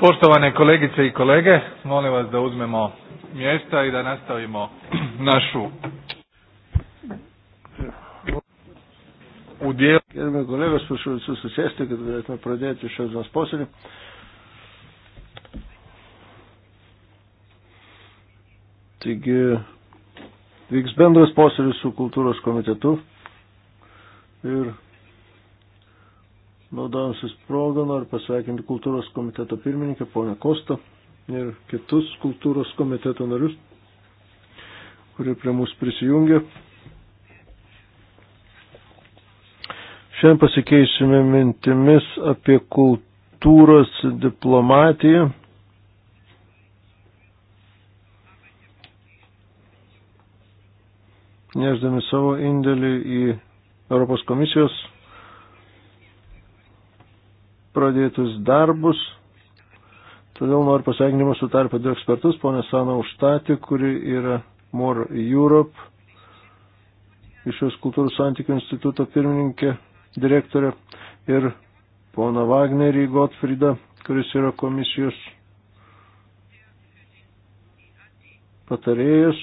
Poštovane kolegice i kolege, molim vas da uzmemo mjesta i da nastavimo našu u dijelu. Gerbė kolegos, prašau visus susėsti, kad galėtume pradėti šios dienos posėdį. Taigi, vyks bendras posėdis su kultūros komitetu ir naudojamsis progą noriu pasveikinti kultūros komiteto pirmininkę ponę Kostą ir kitus kultūros komiteto narius, kurie prie mūsų prisijungė. Šiandien pasikeisime mintimis apie kultūros diplomatiją. neždami savo indėlį į Europos komisijos pradėtus darbus. Todėl noriu pasveikinimo su tarpa du ekspertus, ponę Saną Užtatį, kuri yra More Europe, iš jos kultūrų santykių instituto pirmininkė, direktorė, ir poną Wagnerį Gottfriedą, kuris yra komisijos patarėjas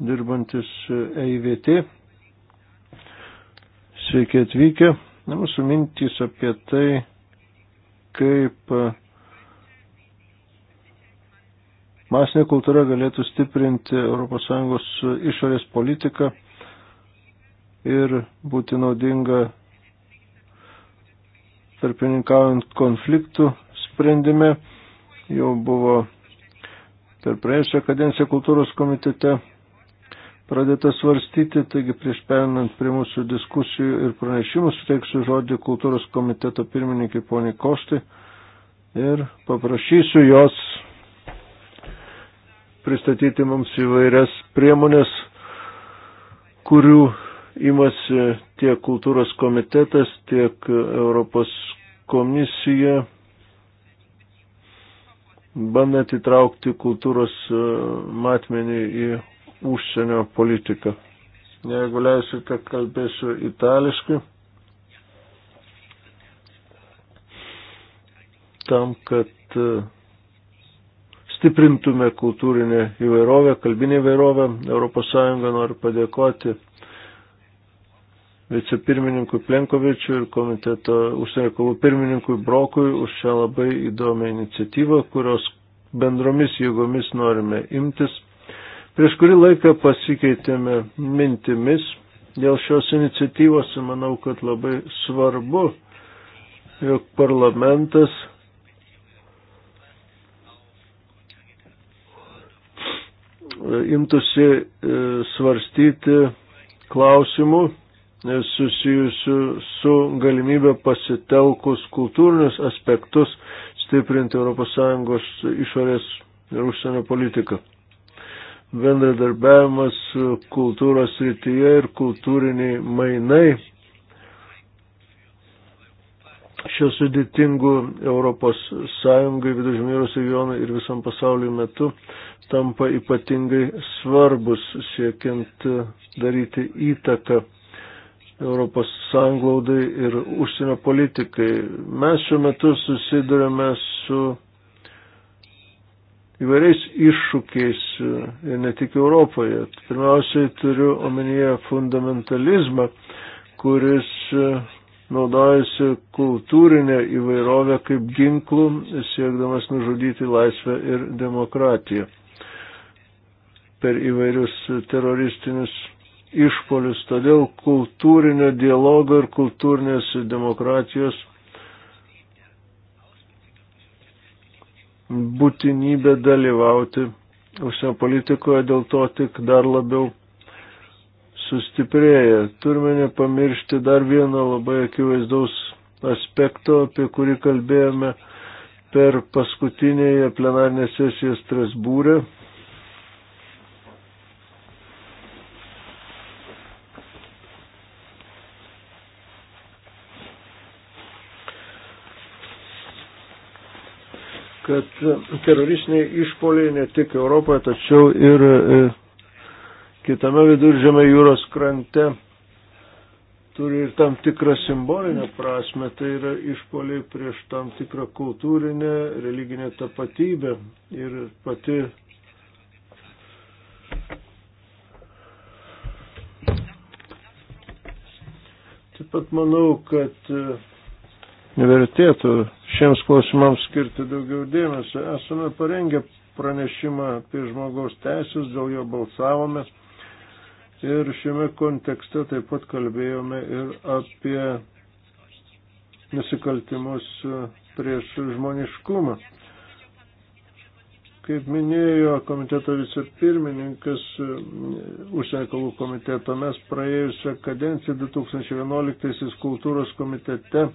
dirbantis EIVT. Sveiki atvykę. Na, mūsų mintys apie tai, kaip e, masinė kultūra galėtų stiprinti ES išorės politiką ir būti naudinga tarpininkaujant konfliktų sprendime. Jau buvo per praėjusią kadenciją kultūros komitete pradėta svarstyti, taigi prieš perinant prie mūsų diskusijų ir pranešimų suteiksiu žodį kultūros komiteto pirmininkai poniai Kostai ir paprašysiu jos pristatyti mums įvairias priemonės, kurių imasi tiek kultūros komitetas, tiek Europos komisija, bandant įtraukti kultūros matmenį į užsienio politiką. Jeigu leisite, kalbėsiu itališkai. Tam, kad e, stiprintume kultūrinę įvairovę, kalbinę įvairovę, ES nori padėkoti vicepirmininkui Plenkovičiu ir komiteto užsienio reikalų pirmininkui Brokui už šią labai įdomią iniciatyvą, kurios bendromis jėgomis norime imtis. Prieš kurį laiką pasikeitėme mintimis dėl šios iniciatyvos ir manau, kad labai svarbu, jog parlamentas imtųsi e, svarstyti klausimų e, susijusių su galimybė pasitelkus kultūrinius aspektus stiprinti ES išorės ir užsienio politiką bendradarbiavimas kultūros srityje ir kultūriniai mainai šio sudėtingų Europos Sąjungai, Vidužmėros regionui ir visam pasauliu metu tampa ypatingai svarbus siekiant daryti įtaką Europos Sąjunglaudai ir užsienio politikai. Mes šiuo metu susidurėme su įvairiais iššūkiais, e, ne tik Europoje. Pirmiausiai turiu omenyje fundamentalizmą, kuris e, naudojasi kultūrinę įvairovę kaip ginklų, siekdamas nužudyti laisvę ir demokratiją per įvairius teroristinius išpolius. Todėl kultūrinio dialogo ir kultūrinės demokratijos būtinybė dalyvauti užsienio politikoje, dėl to tik dar labiau sustiprėja. Turime nepamiršti dar vieno labai akivaizdaus aspekto, apie kurį kalbėjome per paskutinėje plenarinė sesija Strasbūrė. kad teroristiniai išpoliai ne tik Europoje, tačiau ir e, kitame viduržėme jūros krante turi ir tam tikrą simbolinę prasme, tai yra išpoliai prieš tam tikrą kultūrinę, religinę tapatybę ir pati Taip pat manau, kad e, vertėtų šiems klausimams skirti daugiau dėmesio. Esame parengę pranešimą apie žmogaus teisės, dėl jo balsavome ir šiame kontekste taip pat kalbėjome ir apie nusikaltimus prieš žmoniškumą. Kaip minėjo komiteto vicepirmininkas, užsienio kalų komiteto, mes praėjusią kadenciją 2011 kultūros komitete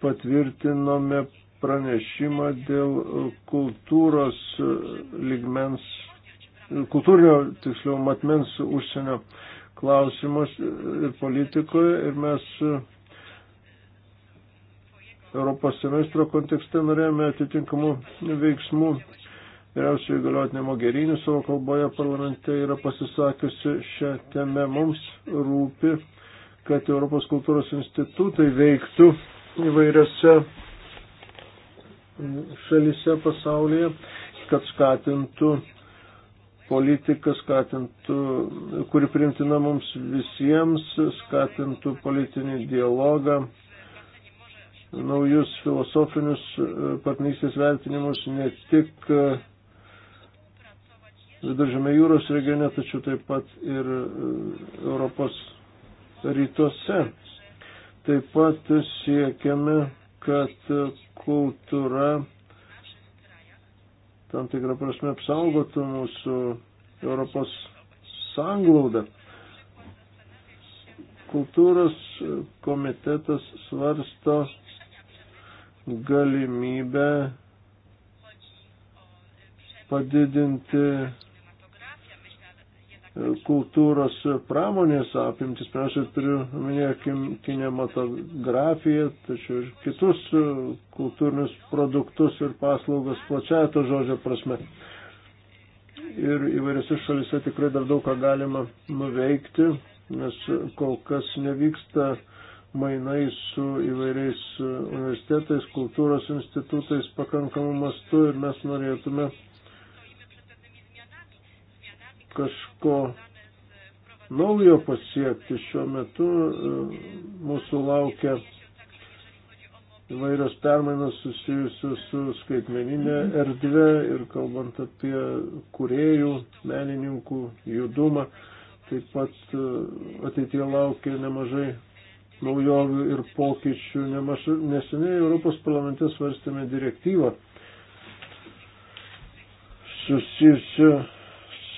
patvirtinome pranešimą dėl kultūros ligmens, kultūrinio, tiksliau, matmens užsienio klausimus ir politikoje ir mes Europos semestro kontekste norėjome atitinkamų veiksmų. Vyriausiai galiotinė Mogherini savo kalboje parlamente yra pasisakiusi šią temę. Mums rūpi, kad Europos kultūros institutai veiktų įvairiose šalyse pasaulyje, kad skatintų politiką, skatintų, kuri primtina mums visiems, skatintų politinį dialogą, naujus filosofinius e, partnerystės vertinimus ne tik e, Viduržėme jūros regione, tačiau taip pat ir e, Europos rytuose. Taip pat siekiame, kad kultūra tam tikrą prasme apsaugotų mūsų Europos sanglaudą. Kultūros komitetas svarsto galimybę padidinti kultūros pramonės apimtis, pirmiausia, turiu minėję kinematografiją, tačiau ir kitus kultūrinius produktus ir paslaugas plačiaja to žodžio prasme. Ir įvairiose šalise tikrai dar daug ką galima nuveikti, nes kol kas nevyksta mainai su įvairiais universitetais, kultūros institutais pakankamu mastu ir mes norėtume kažko naujo pasiekti. Šiuo metu e, mūsų laukia įvairios permainos susijusios su skaitmeninė erdvė ir kalbant apie kuriejų, menininkų judumą. Taip pat e, ateitie laukia nemažai naujovių ir pokyčių. Neseniai Europos parlamente svarstėme direktyvą susijusiu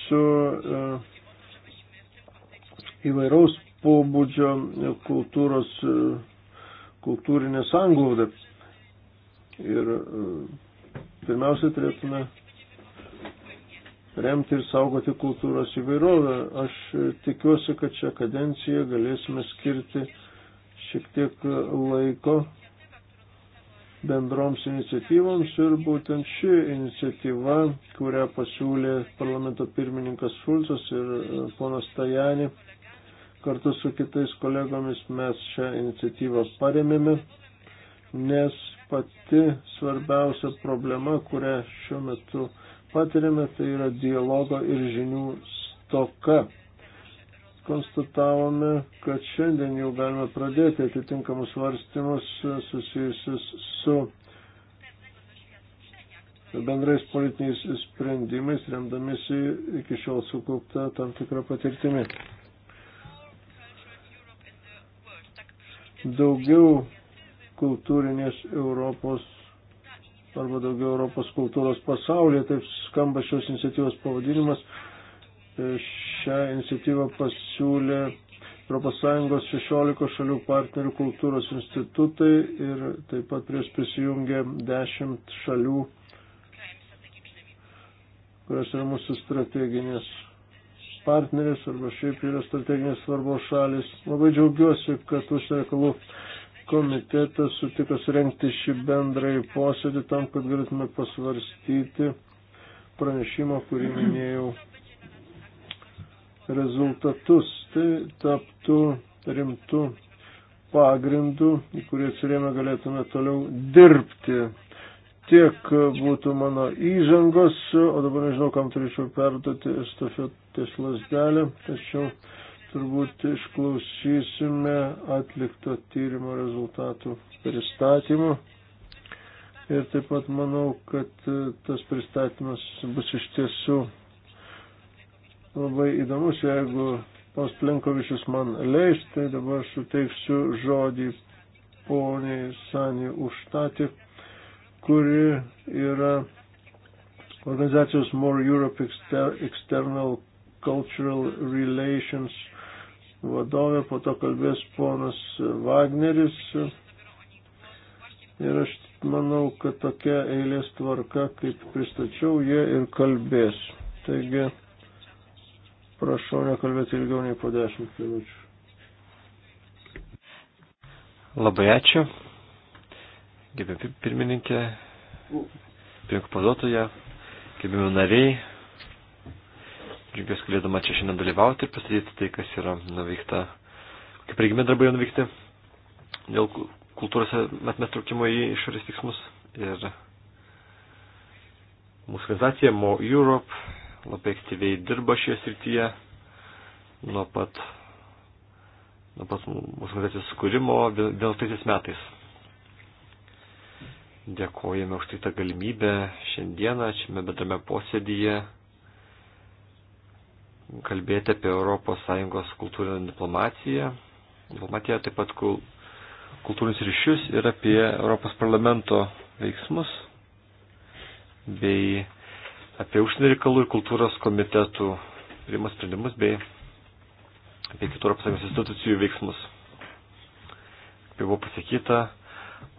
su e, įvairaus pobūdžio kultūros, e, kultūrinė sanglauda. Ir e, pirmiausia, turėtume remti ir saugoti kultūros įvairovę. Aš tikiuosi, kad šią kadenciją galėsime skirti šiek tiek laiko bendroms iniciatyvoms ir būtent ši iniciatyva, kurią pasiūlė parlamento pirmininkas Šulcas ir e, ponas Tajani, kartu su kitais kolegomis mes šią iniciatyvą paremėme, nes pati svarbiausia problema, kurią šiuo metu patiriame, tai yra dialogo ir žinių stoka konstatavome, kad šiandien jau galime pradėti atitinkamus svarstymus susijusius su bendrais politiniais sprendimais, remdamėsi iki šiol sukaupta tam tikrą patirtimį. Daugiau kultūrinės Europos arba daugiau Europos kultūros pasaulyje, taip skamba šios iniciatyvos pavadinimas šią iniciatyvą pasiūlė ES 16 šalių partnerių kultūros institutai ir taip pat prieš tai prisijungė 10 šalių, kurios yra mūsų strateginės partneris arba šiaip yra strateginės svarbos šalis. Labai džiaugiuosi, kad užsienio reikalų komitetas sutiko surenkti šį bendrąjį posėdį tam, kad galėtume pasvarstyti pranešimo, kurį minėjau rezultatus. Tai taptų rimtų pagrindų, į kurį atsirėmę galėtume toliau dirbti. Tiek būtų mano įžangos, o dabar nežinau, kam turėčiau perduoti estafetės lasdelę, tačiau turbūt išklausysime atlikto tyrimo rezultatų pristatymų. Ir taip pat manau, kad tas pristatymas bus iš tiesų labai įdomus, jeigu pas Plenkovičius man leis, tai dabar suteiksiu žodį poniai Sani Užtati, kuri yra organizacijos More Europe External Cultural Relations vadovė, po to kalbės ponas Wagneris. Ir aš manau, kad tokia eilės tvarka, kaip pristačiau, jie ir kalbės. Taigi, Prašau nekalbėti ilgiau nei po 10 minučių. Labai ačiū. Gerbė pirmininkė, pirmininkų paduotoje, gerbėmi nariai. Džiugiuosi galėdama čia šiandien dalyvauti ir pristatyti tai, kas yra nuveikta, kaip regime darbai jau nuveikti dėl kultūros atmes traukimo į išorės tiksmus. Ir mūsų organizacija Mo Europe labai aktyviai dirba šioje srityje nuo pat, nuo pat mūsų organizacijos skūrimo 11 metais. Dėkojame už tai tą galimybę šiandieną, šiame bedame posėdyje kalbėti apie ES kultūrinę diplomatiją, diplomatiją taip pat kultūrinius ryšius ir apie Europos parlamento veiksmus bei apie užsienio reikalų ir kultūros komitetų priimas sprendimus bei apie kitų apsakymus institucijų veiksmus. Kaip buvo pasakyta,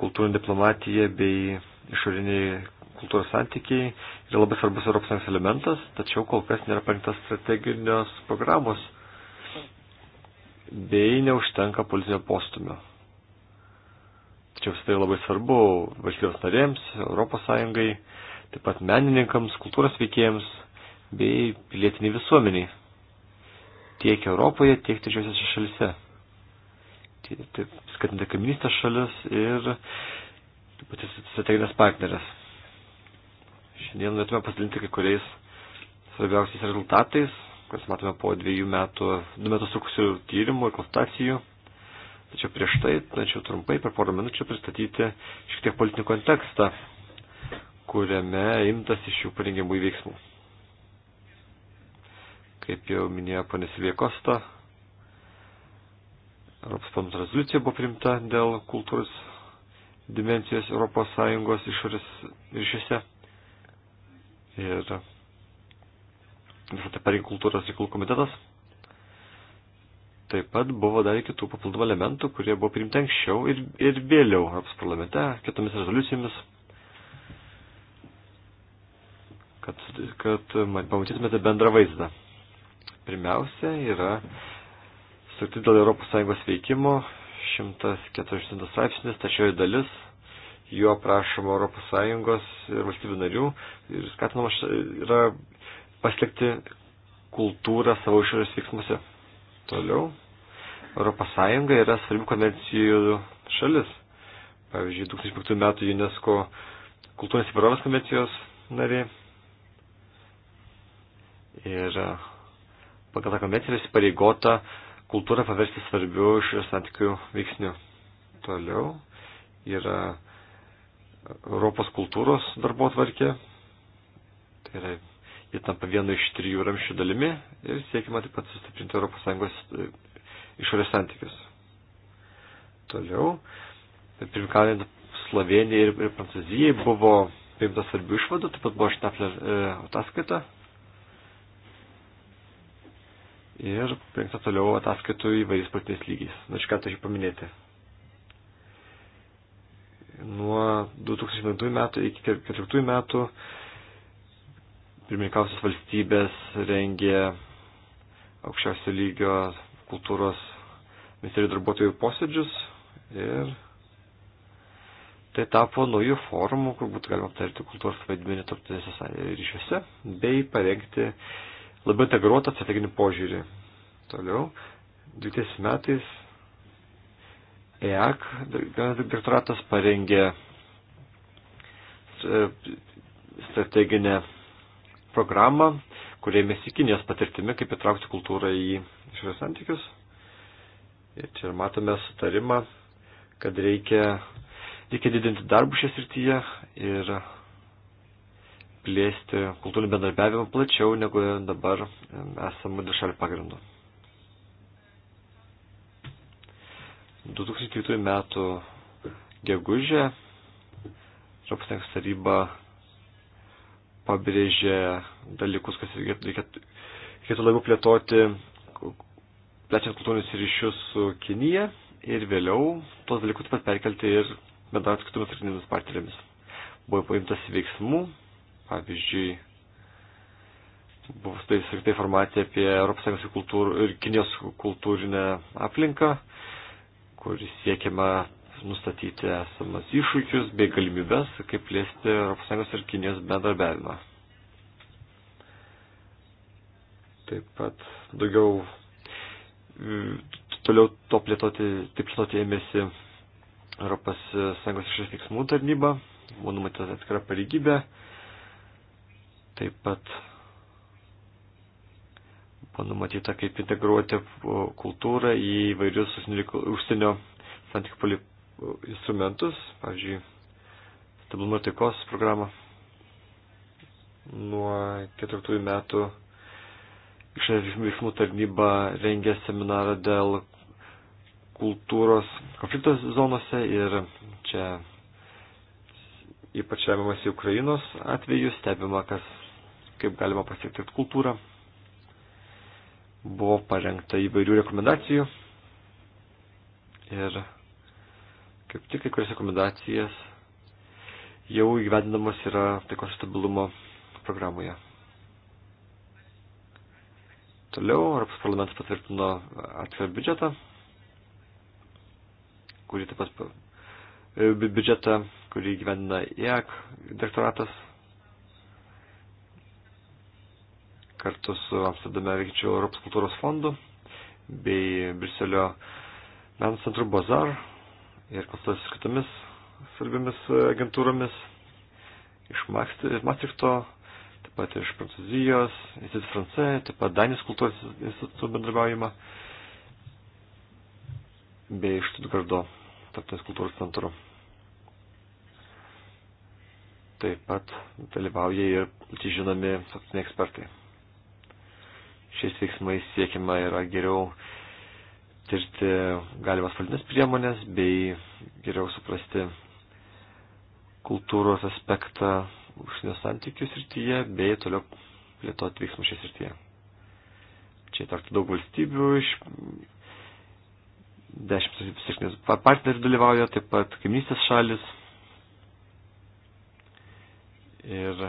kultūrinė diplomatija bei išoriniai kultūros santykiai yra labai svarbus ES elementas, tačiau kol kas nėra parinktas strateginios programos bei neužtenka politinio postumio. Tačiau tai labai svarbu valstybės narėms, Europos Sąjungai, taip pat menininkams, kultūros veikėjams bei pilietiniai visuomeniai tiek Europoje, tiek trečiosiose šalise. Taip, skatinti kaiminystės šalis ir taip pat strateginės partnerės. Šiandien norėtume pasidalinti kai kuriais svarbiausiais rezultatais, kuriuos matome po dviejų metų, du metus trukusių tyrimų ir konsultacijų. Tačiau prieš tai, tačiau trumpai, per porą minučių pristatyti šiek tiek politinį kontekstą kuriame imtas iš jų parengiamų veiksmų. Kaip jau minėjo ponė Silvija Kosta, Europos parlamento rezoliucija buvo primta dėl kultūros dimensijos Europos Sąjungos išorės ryšiuose. Ir visą tai parengė kultūros reikalų komitetas. Taip pat buvo dar kitų papildomų elementų, kurie buvo priimti anksčiau ir, ir vėliau Europos parlamente, kitomis rezoliucijomis kad, kad pamatytumėte bendrą vaizdą. Pirmiausia yra sutartis dėl ES veikimo 140 straipsnis, tačioji dalis, juo prašoma ES ir valstybių narių ir skatinama yra pasilikti kultūrą savo išorės veiksmuose. Toliau, ES yra svarbių konvencijų šalis. Pavyzdžiui, 2005 metų UNESCO kultūrinės įvairovės konvencijos narė, Ir e, pagal tą konvenciją yra įsipareigota kultūrą paversti svarbiu šios santykių veiksniu. Toliau yra Europos kultūros darbo tvarkė. Tai yra, jie tampa vienu iš trijų ramščių dalimi ir siekima taip pat sustiprinti ES e, išorės santykius. Toliau, pirmkaujant Slovenijai ir, ir Prancūzijai buvo priimtas svarbių išvadų, taip pat buvo šitą e, ataskaitą, ir prinkta toliau ataskaitų įvairiais politiniais lygiais. Na, iš ką tai paminėti. Nuo 2009 metų iki 2014 metų pirmininkausios valstybės rengė aukščiausio lygio kultūros ministerijų darbuotojų posėdžius ir tai tapo naujų formų, kur būtų galima aptarti kultūros vaidmenį tarptautinėse ryšiuose bei parengti labai integruotą strateginį požiūrį. Toliau, 20 metais EAC direktoratas parengė e, strateginę programą, kurie mėsi Kinijos patirtimi, kaip įtraukti kultūrą į išorės santykius. Ir čia matome sutarimą, kad reikia, reikia didinti darbų šią srityje ir plėsti kultūrinį bendarbiavimą plačiau negu dabar esamų dvišalių pagrindų. 2003 metų gegužė Europos Sąjungos taryba pabrėžė dalykus, kas reikėtų, reikėtų labiau plėtoti, plečiant kultūrinius ryšius su Kinija ir vėliau tos dalykus taip pat perkelti ir bendrauti su kitomis tarptautinėmis partnerėmis. Buvo paimtas veiksmų Pavyzdžiui, buvo tai surinkta informacija apie ES kultūr, ir Kinijos kultūrinę aplinką, kur siekiama nustatyti esamas iššūkius bei galimybės, kaip plėsti ES ir Kinijos bendarbiavimą. Taip pat daugiau mm, toliau to plėtoti, taip plėtoti ėmėsi ES išės veiksmų tarnyba, buvo numatyta atskira pareigybė Taip pat buvo numatyta, kaip integruoti kultūrą į vairius užsienio santykių instrumentus, pavyzdžiui, stabilumo ir taikos programą. Nuo 14 metų išorės veiksmų tarnyba rengė seminarą dėl kultūros konfliktos zonose ir čia ypač remiamas į Ukrainos atvejus, stebima, kas kaip galima pasiekti kultūrą. Buvo parengta įvairių rekomendacijų ir kaip tik kai kurias rekomendacijas jau įgyvendinamas yra taikos stabilumo programoje. Toliau Europos parlamentas patvirtino atskirą biudžetą, kurį taip pat e, biudžetą, kurį gyvena IAC e direktoratas kartu su Amsterdame veikiančiu Europos kultūros fondu bei Briselio meno centru Bazar ir konsultuosi su kitomis svarbiamis agentūromis iš Maastrichto, taip pat iš Prancūzijos, Institut France, taip pat Danijos kultūros institutų bendrabiaujama bei iš Stuttgardo tarptautinės kultūros centru taip pat dalyvauja ir žinomi ekspertai. Šiais veiksmais siekima yra geriau tirti galimas politinės priemonės bei geriau suprasti kultūros aspektą užsienio santykių srityje bei toliau plėtoti veiksmų šiais srityje. Čia įtartų daug valstybių iš dešimt sėkmės partnerių dalyvauja, taip pat kaimynystės šalis. Ir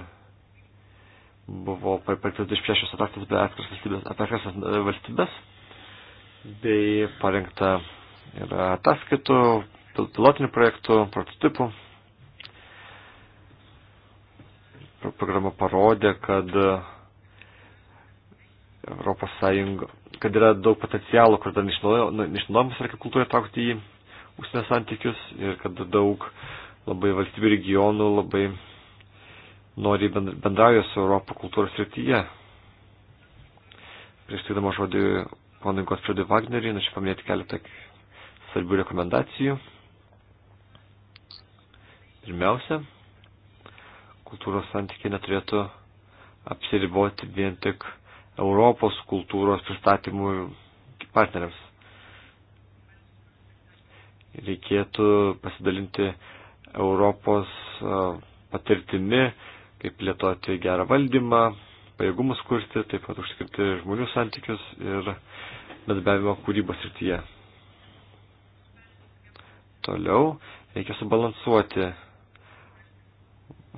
buvo pateiktos 26 ataskaitos apie atskiras valstybės, apie atskiras valstybės, bei parengta yra ataskaitų, pilotinių projektų, prototipų. Programa parodė, kad Europos Sąjunga, kad yra daug potencialo, kur dar nu, neišnaudojamas reikia kultūrą traukti į užsienio santykius ir kad daug labai valstybių regionų labai nori bendrauja su Europą kultūros srityje. Prieš teikdama žodį ponui Gotfriedui Wagneriui, norėčiau paminėti keletą svarbių rekomendacijų. Pirmiausia, kultūros santykiai neturėtų apsiriboti vien tik Europos kultūros pristatymų partneriams. Reikėtų pasidalinti Europos patirtimi kaip plėtoti gerą valdymą, pajėgumus kurti, taip pat užtikrinti žmonių santykius ir bendradarbiavimo kūrybos rytyje. Toliau reikia subalansuoti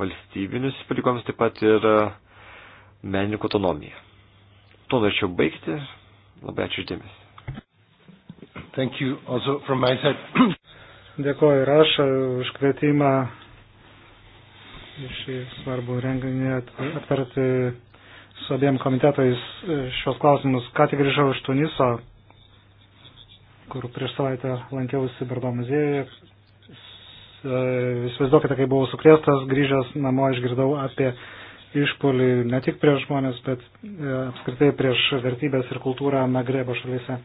valstybinius įsipareigojimus, taip pat ir menininkų autonomiją. Tuo norėčiau baigti. Labai ačiū dėmesį. Dėkuoju ir aš už kvietimą šį svarbų renginį aptarti su abiem komitetais e, šios klausimus. Ką tik grįžau iš Tuniso, kur prieš savaitę lankiausi Bardo muziejuje. E, įsivaizduokite, kai buvau sukrėstas, grįžęs namo išgirdau apie išpolį ne tik prieš žmonės, bet e, apskritai prieš vertybės ir kultūrą Magrebo šalyse.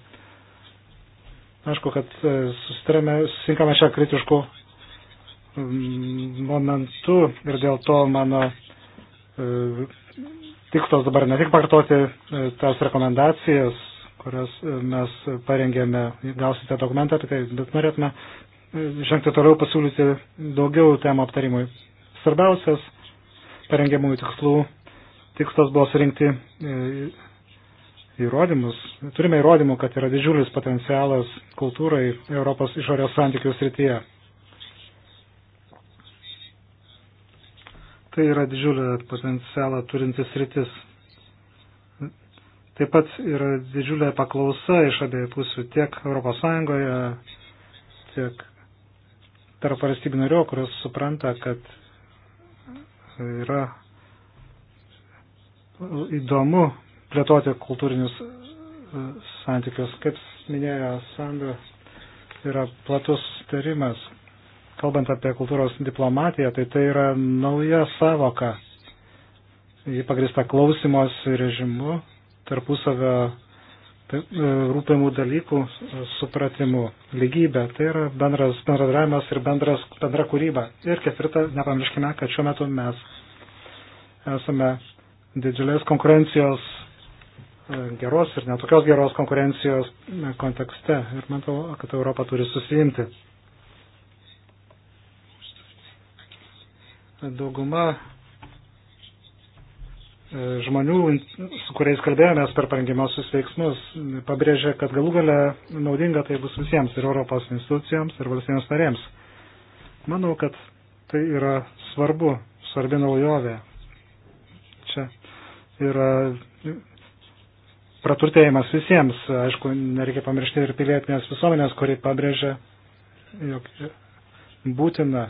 Aišku, kad susinkame šią kritiškų momentu ir dėl to mano e, tikslas dabar ne tik kartoti e, tas rekomendacijas, kurias e, mes parengėme, gausite dokumentą apie tai, bet norėtume žengti toliau pasiūlyti daugiau temų aptarimui. Svarbiausias parengiamųjų tikslų tikslas buvo surinkti įrodymus. Turime įrodymų, kad yra didžiulis potencialas kultūrai Europos išorės santykių srityje. Tai yra didžiulį potencialą turintis rytis. Taip pat yra didžiulė paklausa iš abiejų pusių tiek ES, tiek tarp valstybių narių, kurios supranta, kad yra įdomu plėtoti kultūrinius e, santykius. Kaip minėjo Sandra, yra platus tarimas Kalbant apie kultūros diplomatiją, tai tai yra nauja savoka. Ji pagrįsta klausimos režimu, tarpusavio tai, e, rūpimų dalykų e, supratimu, lygybė. Tai yra bendras bendradarbiavimas ir bendras, bendra kūryba. Ir ketvirta, nepamirškime, kad šiuo metu mes esame didžiulės konkurencijos, e, geros ir netokios geros konkurencijos kontekste. Ir matau, kad Europa turi susiimti. Dauguma e, žmonių, su kuriais kalbėjomės per parengimuosius veiksmus, pabrėžė, kad galų gale naudinga tai bus visiems ir Europos institucijoms, ir valstybėms narėms. Manau, kad tai yra svarbu, svarbi naujovė. Čia yra praturtėjimas visiems, aišku, nereikia pamiršti ir pilietinės visuomenės, kuri pabrėžia, jog būtina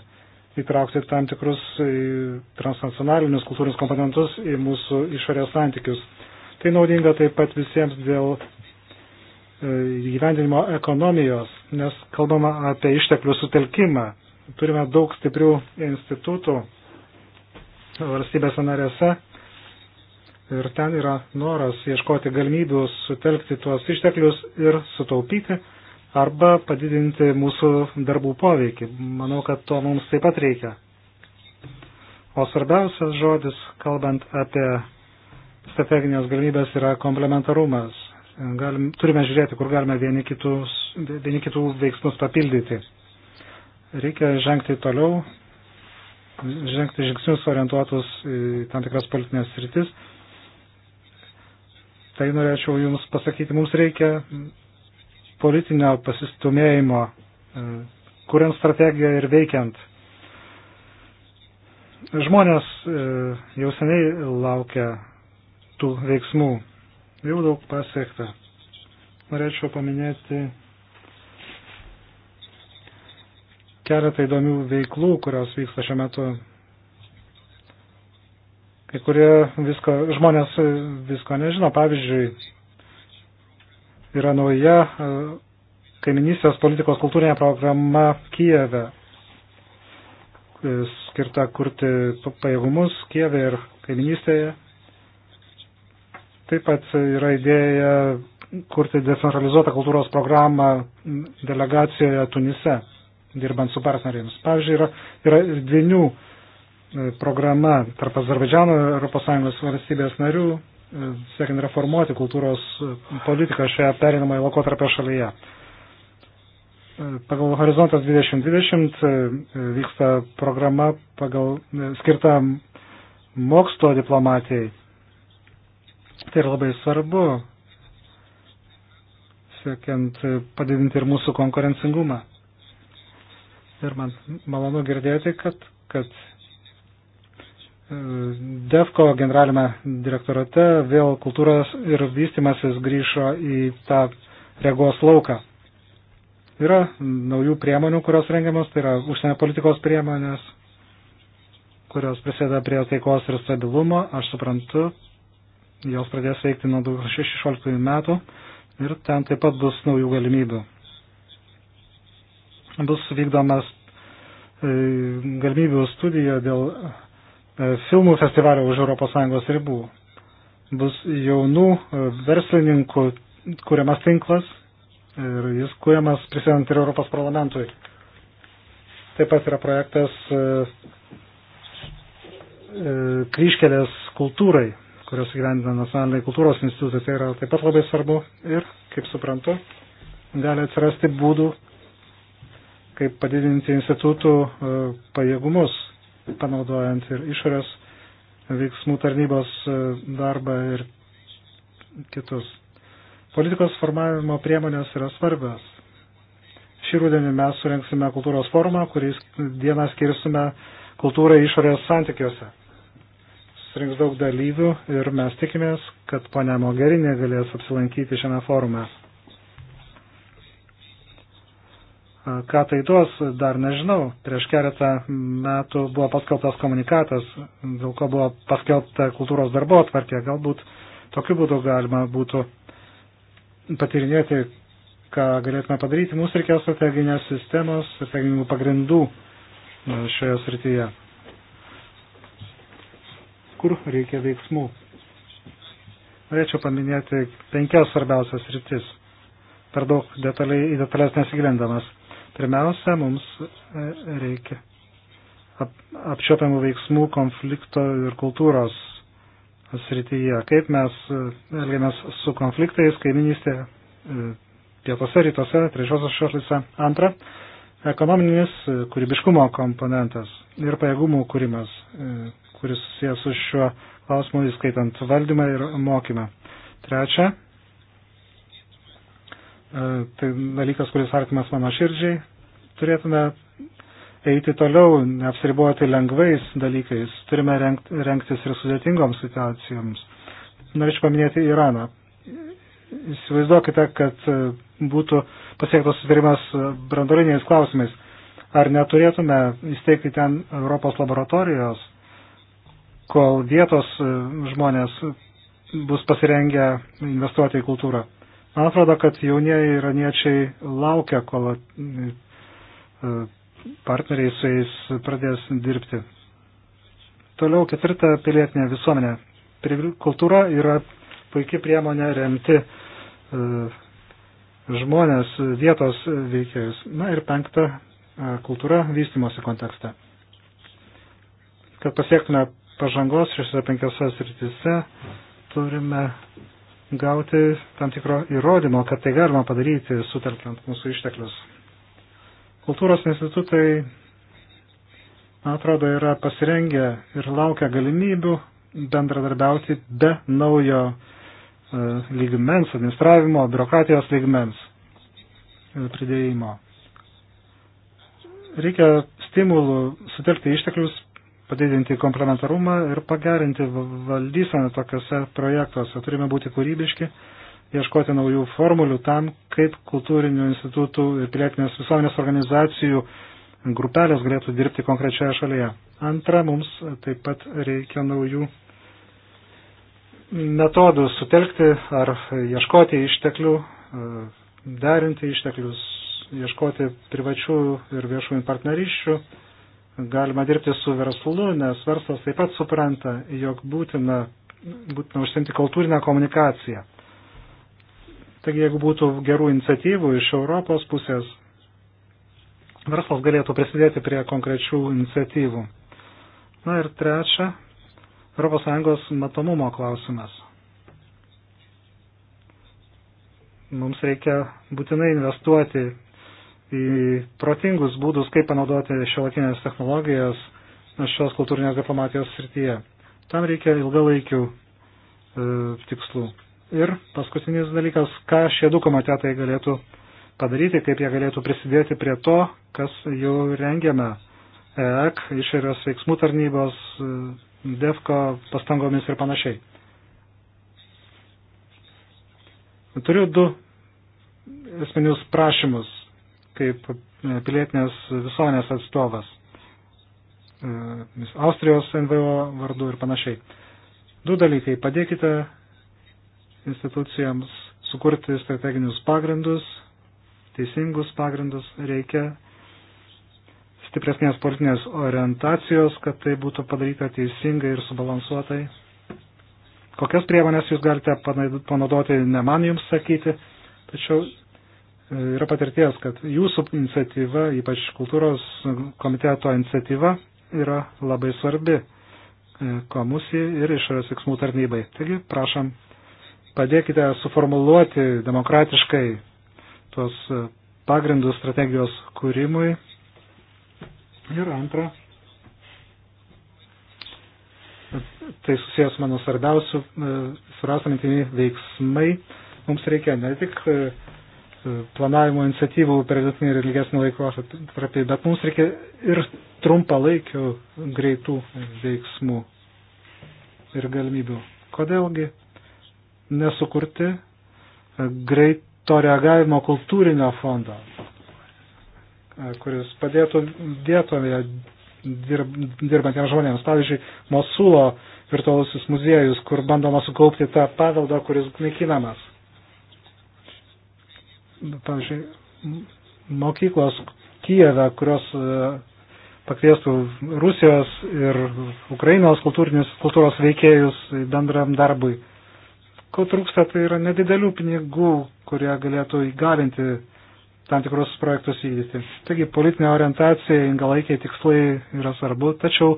įtraukti tam tikrus transnacionalinius kultūrinius komponentus į mūsų išorės santykius. Tai naudinga taip pat visiems dėl e, gyvendinimo ekonomijos, nes kalbama apie išteklių sutelkimą. Turime daug stiprių institutų valstybėse narėse ir ten yra noras ieškoti galimybių sutelkti tuos išteklius ir sutaupyti arba padidinti mūsų darbų poveikį. Manau, kad to mums taip pat reikia. O svarbiausias žodis, kalbant apie strateginės galimybės, yra komplementarumas. Galim, turime žiūrėti, kur galime vieni, kitus, vieni kitų veiksmus papildyti. Reikia žengti toliau, žengti žingsnius orientuotus į tam tikras politinės rytis. Tai norėčiau Jums pasakyti, mums reikia politinio pasistumėjimo, e, kuriant strategiją ir veikiant. Žmonės e, jau seniai laukia tų veiksmų. Jau daug pasiekta. Norėčiau paminėti keletą įdomių veiklų, kurios vyksta šiuo metu. Kai kurie visko, žmonės visko nežino. Pavyzdžiui, yra nauja e, kaiminystės politikos kultūrinė programa Kijeve, e, skirta kurti pajėgumus Kijeve ir kaiminystėje. Taip pat yra idėja kurti decentralizuotą kultūros programą delegacijoje Tunise, dirbant su partneriams. Pavyzdžiui, yra, yra dvinių e, programa tarp Azerbaidžiano ir ES valstybės narių E, siekiant reformuoti kultūros e, politiką šioje perinamąją laikotarpio šalyje. E, pagal Horizontas 2020 vyksta programa pagal, skirta mokslo diplomatijai. Tai yra labai svarbu, siekiant padidinti ir mūsų konkurencingumą. Ir man malonu girdėti, kad, kad DEFCO generalinėme direktorate vėl kultūros ir vystimasis grįžo į tą regos lauką. Yra naujų priemonių, kurios rengiamos, tai yra užsienio politikos priemonės, kurios prisėda prie taikos ir stabilumo, aš suprantu, jos pradės veikti nuo 2016 metų ir ten taip pat bus naujų galimybių. Bus vykdomas e, galimybių studija dėl E, filmų festivalio už ES ribų. Bus jaunų e, verslininkų kuriamas tinklas ir jis kuriamas prisidant ir Europos parlamentui. Taip pat yra projektas e, kryškelės kultūrai, kurios gyvendina nacionaliniai kultūros institutai. Tai yra taip pat labai svarbu ir, kaip suprantu, gali atsirasti būdų, kaip padidinti institutų pajėgumus panaudojant ir išorės veiksmų tarnybos e, darbą ir kitus. Politikos formavimo priemonės yra svarbios. Šį rudenį mes surenksime kultūros forumą, kurį dieną skirsime kultūrai išorės santykiuose. Surinks daug dalyvių ir mes tikimės, kad ponia Mogerinė galės apsilankyti šiame forume. Ką tai duos, dar nežinau. Prieš keletą metų buvo paskelbtas komunikatas, dėl ko buvo paskelbta kultūros darbo atvarkė. Galbūt tokiu būdu galima būtų patyrinėti, ką galėtume padaryti. Mums reikės strateginės sistemos, strateginių pagrindų e, šioje srityje. Kur reikia veiksmų? Norėčiau paminėti penkias svarbiausias rytis, per daug detaliai į detalės nesigilindamas. Pirmiausia, mums e, reikia ap, apčiopiamų veiksmų konflikto ir kultūros srityje. Kaip mes e, elgiamės su konfliktais kaiminystėje, e, pietose, rytuose, trečiosios šalyse. Antra, ekonominis kūrybiškumo komponentas ir pajėgumų kūrimas, kuris susijęs su šiuo klausimu, įskaitant valdymą ir mokymą. Trečia, E, tai dalykas, kuris artimas mano širdžiai. Turėtume eiti toliau, neapsiriboti lengvais dalykais. Turime renktis ir sudėtingoms situacijoms. Norėčiau paminėti Iraną. Įsivaizduokite, kad e, būtų pasiektas sutarimas e, brandoliniais klausimais. Ar neturėtume įsteigti ten Europos laboratorijos, kol vietos žmonės bus pasirengę investuoti į kultūrą? Man atrodo, kad jaunieji iraniečiai laukia, kol e, partneriai su jais pradės dirbti. Toliau ketvirta pilietinė visuomenė. Kultūra yra puikia priemonė remti e, žmonės, vietos veikėjus. Na ir penkta e, kultūra vystimosi kontekste. Kad pasiektume pažangos šiuose penkiose sritise, turime gauti tam tikro įrodymo, kad tai galima padaryti, sutelkiant mūsų išteklius. Kultūros institutai, man atrodo, yra pasirengę ir laukia galimybių bendradarbiauti be naujo uh, lygmens, administravimo, biurokratijos lygmens e, pridėjimo. Reikia stimulų sutelkti išteklius padidinti komplementarumą ir pagerinti valdyseną tokiuose projektuose. Turime būti kūrybiški, ieškoti naujų formulių tam, kaip kultūrinių institutų ir pilietinės visuomenės organizacijų grupelės galėtų dirbti konkrečioje šalyje. Antra, mums taip pat reikia naujų metodų sutelkti ar ieškoti išteklių, e, derinti išteklius, ieškoti privačių ir viešųjų partnerysčių galima dirbti su verslu, nes verslas taip pat supranta, jog būtina, būtina užsimti kultūrinę komunikaciją. Taigi, jeigu būtų gerų iniciatyvų iš Europos pusės, verslas galėtų prisidėti prie konkrečių iniciatyvų. Na ir trečia, ES matomumo klausimas. Mums reikia būtinai investuoti į protingus būdus, kaip panaudoti šiolakinės technologijas šios kultūrinės diplomatijos srityje. Tam reikia ilgalaikių e, tikslų. Ir paskutinis dalykas, ką šie du komitetai galėtų padaryti, kaip jie galėtų prisidėti prie to, kas jau rengiame EEC, išėrios veiksmų tarnybos, e, DEFCO pastangomis ir panašiai. Turiu du esminius prašymus kaip e, pilietinės visuomenės atstovas. E, Austrijos NVO vardu ir panašiai. Du dalykai. Padėkite institucijams sukurti strateginius pagrindus, teisingus pagrindus. Reikia stipresnės politinės orientacijos, kad tai būtų padaryta teisingai ir subalansuotai. Kokias priemonės jūs galite panaudoti, ne man jums sakyti, tačiau yra patirties, kad jūsų iniciatyva, ypač kultūros komiteto iniciatyva, yra labai svarbi e, komisijai ir išorės veiksmų tarnybai. Taigi, prašom, padėkite suformuluoti demokratiškai tuos e, pagrindus strategijos kūrimui. Ir antra, tai susijęs mano svarbiausių, e, svarbiausia mintimi veiksmai. Mums reikia ne tik uh, planavimo iniciatyvų per vidutinį ir ilgesnį laikotarpį, bet mums reikia ir trumpalaikių greitų veiksmų ir galimybių. Kodėlgi nesukurti greito reagavimo kultūrinio fondo, kuris padėtų vietoje dirb, dirbantiems žmonėms. Pavyzdžiui, Mosulo virtualusis muziejus, kur bandoma sukaupti tą paveldą, kuris naikinamas pavyzdžiui, mokyklos Kijeve, kurios e, pakviestų Rusijos ir Ukrainos kultūros veikėjus bendram darbui. Ko trūksta, tai yra nedidelių pinigų, kurie galėtų įgalinti tam tikrus projektus įvykdyti. Taigi politinė orientacija, ilgalaikiai tikslai yra svarbu, tačiau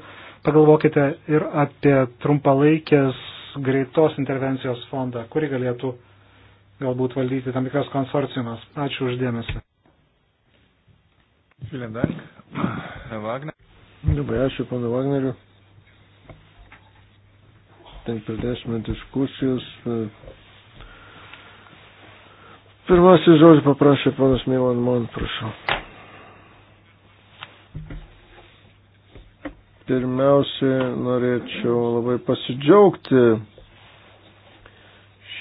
pagalvokite ir apie trumpalaikės greitos intervencijos fondą, kuri galėtų uh, galbūt valdyti tam tikras konsorciumas. Ačiū uždėmesi. Vielen Dank, Herr Wagner. Labai ačiū, pana Wagneriu. Ten pradėsime diskusijos. Pirmasis žodžiu paprašė panas Milan Man, prašau. Pirmiausiai norėčiau labai pasidžiaugti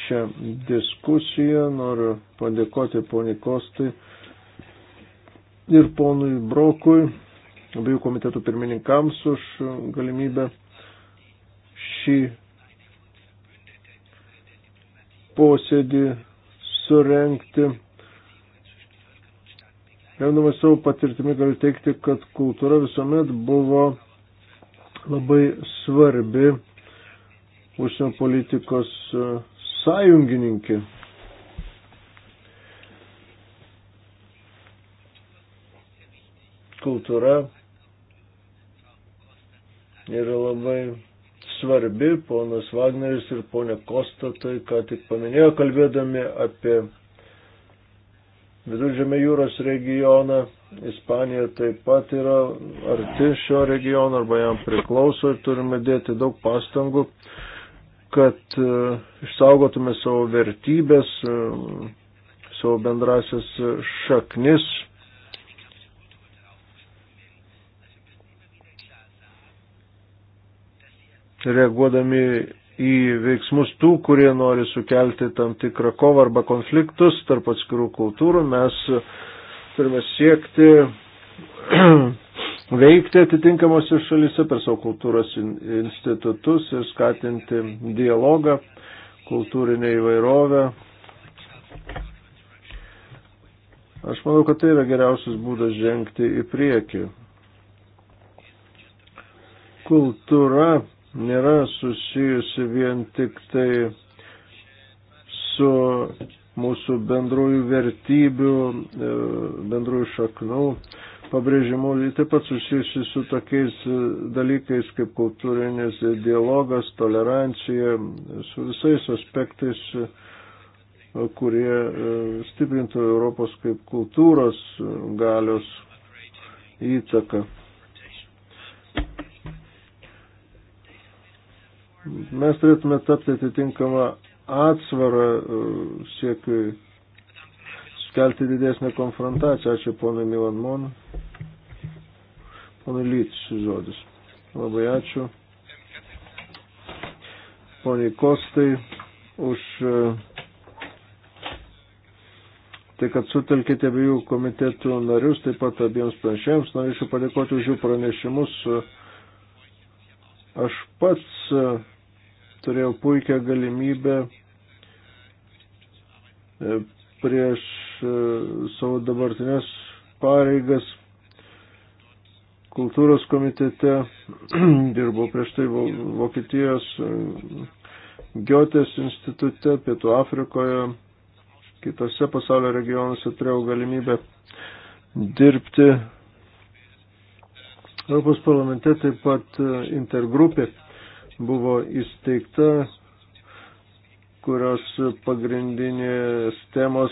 šią diskusiją. Noriu padėkoti poniai Kostai ir ponui Brokui, abiejų komitetų pirmininkams už galimybę šį posėdį surenkti. Remdamas savo patirtimi galiu teikti, kad kultūra visuomet buvo labai svarbi užsienio politikos sąjungininkė. Kultūra yra labai svarbi, ponas Wagneris ir ponė Kosta tai ką tik paminėjo, kalbėdami apie Viduržėme jūros regioną, Ispanija taip pat yra arti šio regiono arba jam priklauso ir turime dėti daug pastangų, kad e, išsaugotume savo vertybės, e, savo bendrasias šaknis. Reaguodami į veiksmus tų, kurie nori sukelti tam tikrą kovą arba konfliktus tarp atskirų kultūrų, mes turime siekti veikti atitinkamose šalise per savo kultūros institutus ir skatinti dialogą, kultūrinę įvairovę. Aš manau, kad tai yra geriausias būdas žengti į priekį. Kultūra nėra susijusi vien tik tai su mūsų bendrųjų vertybių, e, bendrųjų šaknų pabrėžimu, taip pat susijusi su tokiais e, dalykais kaip kultūrinis dialogas, tolerancija, su visais aspektais, e, kurie e, stiprintų Europos kaip kultūros galios įtaką. Mes turėtume tapti atitinkamą atsvarą siekiui sukelti didesnę konfrontaciją. Ačiū ponui Milan Mon. Ponui Lytis žodis. Labai ačiū. Poniai Kostai už e, tai, kad sutelkite abiejų komitetų narius, taip pat abiems pranešėjams. Norėčiau padėkoti už jų pranešimus. Aš pats e, turėjau puikią galimybę e, prieš E, savo dabartinės pareigas kultūros komitete, dirbau prieš tai Vokietijos e, Giotės institute, Pietų Afrikoje, kitose pasaulio regionuose turėjau galimybę dirbti. Europos parlamente taip pat e, intergrupė buvo įsteigta kurios pagrindinės temos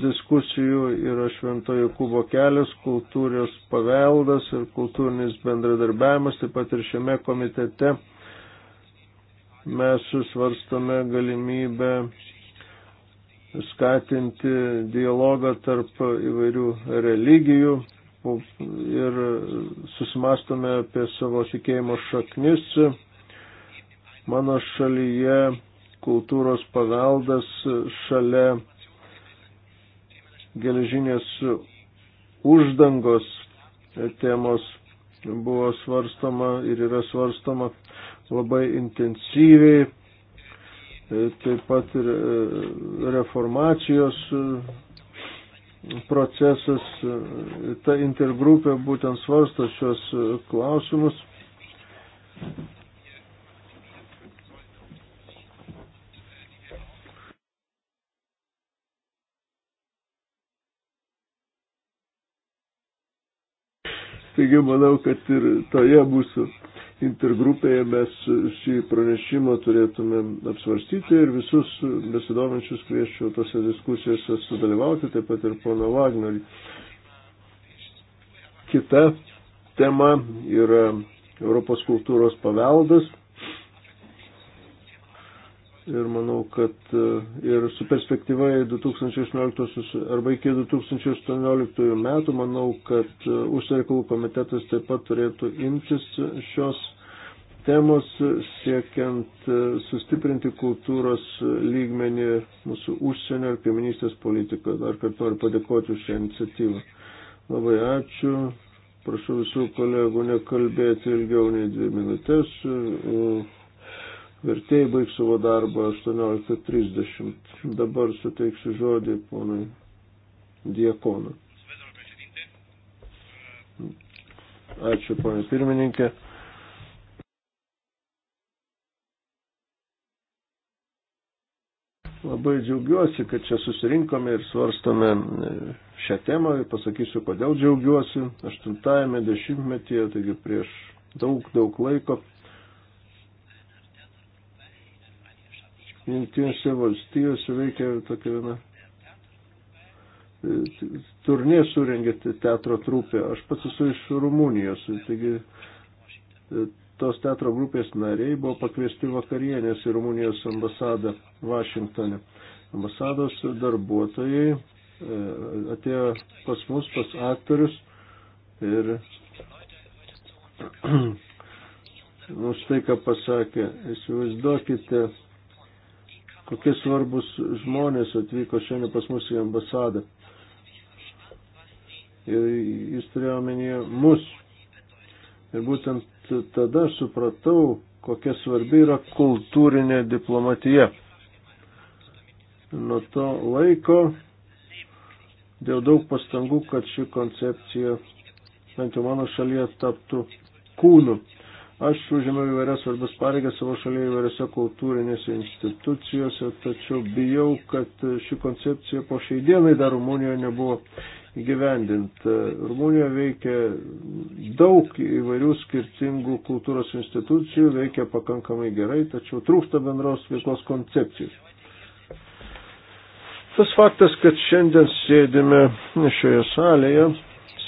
diskusijų yra Šventojo Kubo kelias, kultūrios paveldas ir kultūrinis bendradarbiavimas, taip pat ir šiame komitete mes susvarstame galimybę skatinti dialogą tarp įvairių religijų ir susimastome apie savo tikėjimo šaknis. Mano šalyje kultūros paveldas šalia geležinės uždangos temos buvo svarstoma ir yra svarstoma labai intensyviai, taip pat ir e, reformacijos e, procesas, e, ta intergrupė būtent svarsto šios klausimus. Taigi manau, kad ir toje mūsų intergrupėje mes šį pranešimą turėtume apsvarstyti ir visus besidominčius kvieščiau tose diskusijose sudalyvauti, taip pat ir pono Vagnerį. Kita tema yra Europos kultūros paveldas ir manau, kad e, ir su perspektyva į 2018 arba iki 2018 metų, manau, kad e, užsienio reikalų komitetas taip pat turėtų imtis šios temos siekiant e, sustiprinti kultūros lygmenį mūsų užsienio ir kaiminystės politikoje. Dar kartą noriu padėkoti už šią iniciatyvą. Labai ačiū. Prašau visų kolegų nekalbėti ilgiau nei dvi minutės. Uh, Vertėjai baigs savo darbą 18.30. Dabar suteiksiu žodį ponui Diekonui. Ačiū, ponė pirmininkė. Labai džiaugiuosi, kad čia susirinkome ir svarstome šią temą ir pasakysiu, kodėl džiaugiuosi. 80-ame dešimtmetyje, taigi prieš daug, daug laiko, Jungtinėse valstijose veikia tokia viena turnė surengė teatro trupė. Aš pats esu iš Rumunijos, taigi e, tos teatro grupės nariai buvo pakviesti vakarienės į Rumunijos ambasadą Vašingtone. Ambasados darbuotojai e, atėjo pas mus, pas aktorius ir mums tai, ką pasakė, įsivaizduokite, kokie svarbus žmonės atvyko šiandien pas mus į ambasadą. Ir jis turėjo omenyje mus. Ir būtent tada supratau, kokia svarbi yra kultūrinė diplomatija. Nuo to laiko dėl daug pastangų, kad ši koncepcija bent jau mano šalyje taptų kūnu. Aš užėmiau įvairias svarbas pareigas savo šalyje įvairiose kultūrinėse institucijose, tačiau bijau, kad ši koncepcija po šiai dienai dar Rumunijoje nebuvo įgyvendinta. Rumunijoje veikia daug įvairių skirtingų kultūros institucijų, veikia pakankamai gerai, tačiau trūksta bendros veiklos koncepcijos. Tas faktas, kad šiandien sėdime šioje salėje,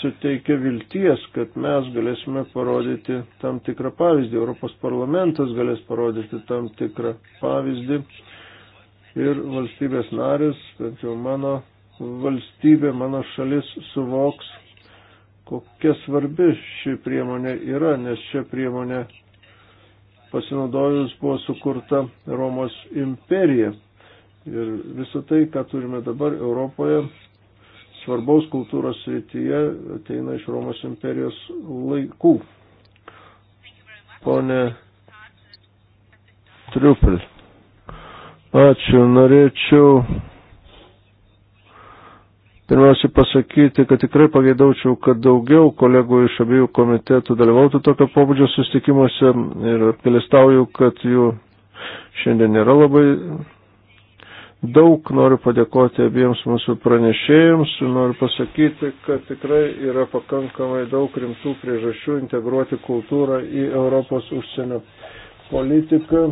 suteikia vilties, kad mes galėsime parodyti tam tikrą pavyzdį, Europos parlamentas galės parodyti tam tikrą pavyzdį ir valstybės narės, bent jau mano valstybė, mano šalis suvoks, kokia svarbi ši priemonė yra, nes šią priemonę pasinaudojus buvo sukurta Romos imperija. Ir visą tai, ką turime dabar Europoje, svarbaus kultūros srityje ateina iš Romos imperijos laikų. Pone Triupel. Ačiū. Norėčiau pirmiausia pasakyti, kad tikrai pagėdaučiau, kad daugiau kolegų iš abiejų komitetų dalyvautų tokio pobūdžio sustikimuose ir apgalėstauju, kad jų šiandien nėra labai daug. Noriu padėkoti abiems mūsų pranešėjams. Noriu pasakyti, kad tikrai yra pakankamai daug rimtų priežasčių integruoti kultūrą į Europos užsienio politiką.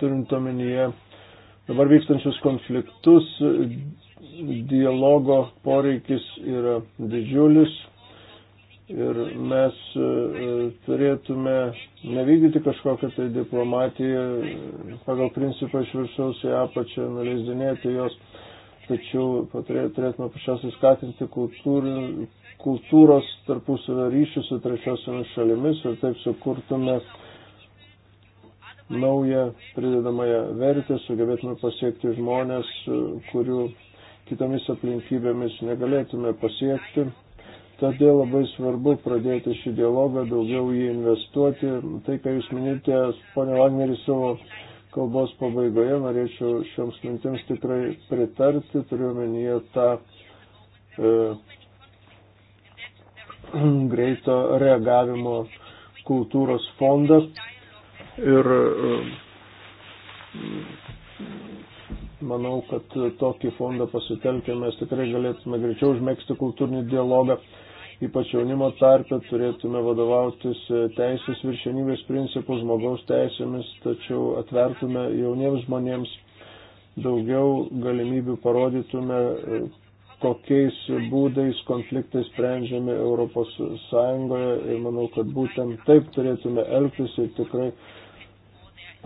Turint omenyje dabar vykstančius konfliktus, dialogo poreikis yra didžiulis ir mes e, e, turėtume nevykdyti kažkokią tai diplomatiją e, pagal principą iš viršaus į apačią, nuleisdinėti jos, tačiau turėtume paprasčiausiai skatinti kultūr, kultūros tarpusavio ryšių su trečiosiomis šalimis ir taip sukurtume naują pridedamąją vertę, sugebėtume pasiekti žmonės, kurių kitomis aplinkybėmis negalėtume pasiekti. Todėl labai svarbu pradėti šį dialogą, daugiau jį investuoti. Tai, ką Jūs minėjote, ponė Wagneris, savo kalbos pabaigoje, norėčiau šioms mintims tikrai pritarti, turiuomenyje tą e, greito reagavimo kultūros fondą. Ir e, Manau, kad tokį fondą pasitelkę mes tikrai galėtume greičiau užmėgsti kultūrinį dialogą, ypač jaunimo tarpę, turėtume vadovautis teisės viršenybės principų, žmogaus teisėmis, tačiau atvertume jauniems žmonėms daugiau galimybių parodytume, kokiais būdais konfliktai sprendžiami Europos Sąjungoje ir manau, kad būtent taip turėtume elgtis ir tikrai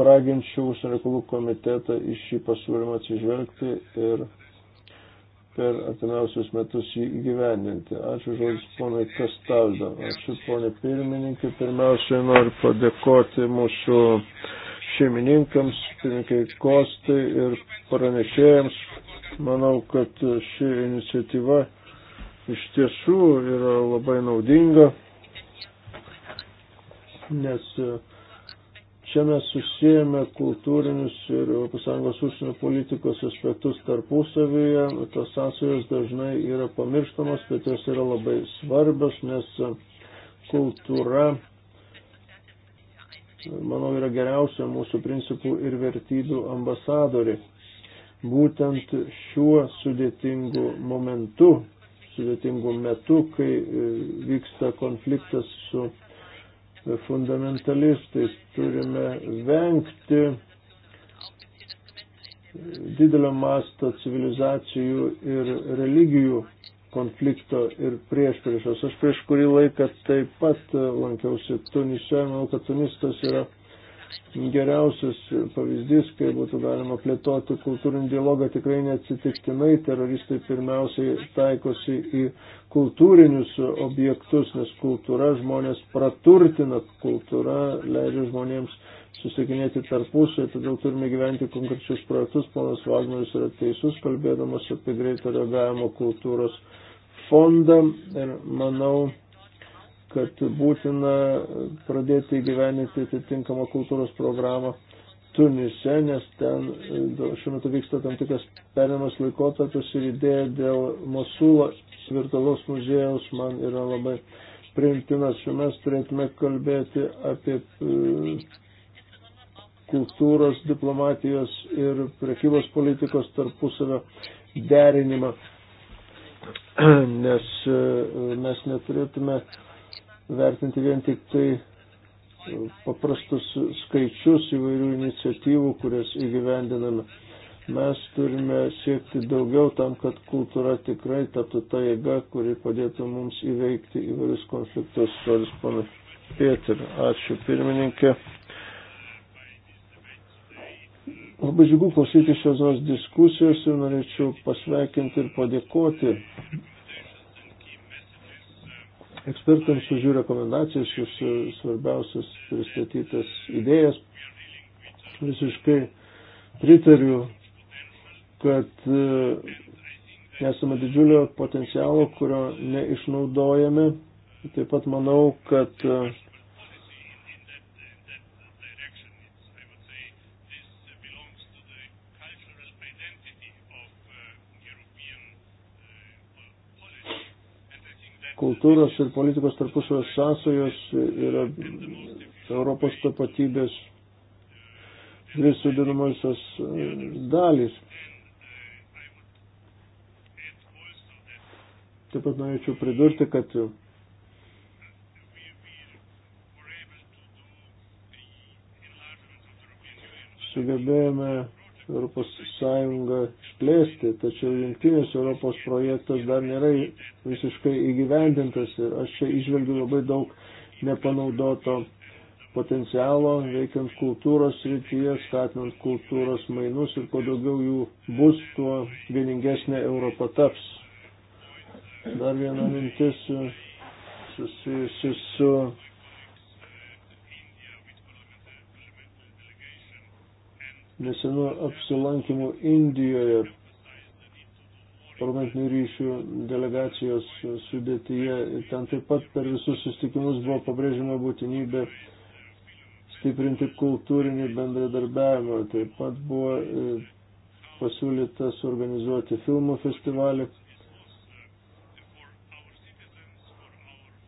raginčiau užsienio reikalų komitetą iš šį pasiūlymą atsižvelgti ir per atimiausius metus jį įgyvendinti. Ačiū žodis ponai Kastaldo. Ačiū ponai pirmininkai. Pirmiausiai noriu padėkoti mūsų šeimininkams, pirmininkai Kostai ir pranešėjams. Manau, kad ši iniciatyva iš tiesų yra labai naudinga, nes uh, Čia mes susijęme kultūrinius ir ES užsienio politikos aspektus tarpusavyje. Tos sąsajos dažnai yra pamirštamos, bet jos yra labai svarbios, nes kultūra, manau, yra geriausia mūsų principų ir vertybių ambasadori. Būtent šiuo sudėtingu momentu, sudėtingu metu, kai e, vyksta konfliktas su fundamentalistais. Turime vengti didelio masto civilizacijų ir religijų konflikto ir priešpriešos. Aš prieš kurį laiką taip pat lankiausi Tunise, manau, kad Tunistas yra geriausias pavyzdys, kai būtų galima plėtoti kultūrinį dialogą, tikrai neatsitiktinai teroristai pirmiausiai taikosi į kultūrinius objektus, nes kultūra žmonės praturtina, kultūra leidžia žmonėms susikinėti tarpusai, todėl turime gyventi konkrečius projektus. Ponas Vagneris yra teisus, kalbėdamas apie greito reagavimo kultūros fondą ir manau, kad būtina pradėti gyveninti atitinkamą kultūros programą Tunise, nes ten e, šiuo metu vyksta tam tikras perinamas laikotarpis ir idėja dėl Mosulo virtualaus muziejaus man yra labai priimtinas. Šiuo mes turėtume kalbėti apie e, kultūros, diplomatijos ir prekybos politikos tarpusavio derinimą, nes e, mes neturėtume vertinti vien tik tai e, paprastus skaičius įvairių iniciatyvų, kurias įgyvendiname. Mes turime siekti daugiau tam, kad kultūra tikrai taptų ta jėga, kuri padėtų mums įveikti įvairius konfliktus. Solis panas Pieter, ačiū pirmininkė. Labai džiugu klausyti šios diskusijos ir norėčiau pasveikinti ir padėkoti ekspertams už jų rekomendacijas, už svarbiausias pristatytas idėjas. Visiškai pritariu, kad e, esame didžiulio potencialo, kurio neišnaudojame. Taip pat manau, kad e, kultūros ir politikos tarpusavio sąsajos yra Europos tapatybės dvi sudinamosios e, dalys. Taip pat norėčiau pridurti, kad sugebėjome Europos Sąjungą išplėsti, tačiau jungtinis Europos projektas dar nėra visiškai įgyvendintas ir aš čia išvelgiu labai daug nepanaudoto potencialo veikiant kultūros rytyje, skatinant kultūros mainus ir kuo daugiau jų bus, tuo vieningesnė Europa taps. Dar viena mintis susijusi su nesenų apsilankimų Indijoje parlamentinių ryšių delegacijos sudėtyje. Ir ten taip pat per visus susitikimus buvo pabrėžima būtinybė stiprinti kultūrinį bendradarbiavimą. Taip pat buvo e, pasiūlyta suorganizuoti filmų festivalį.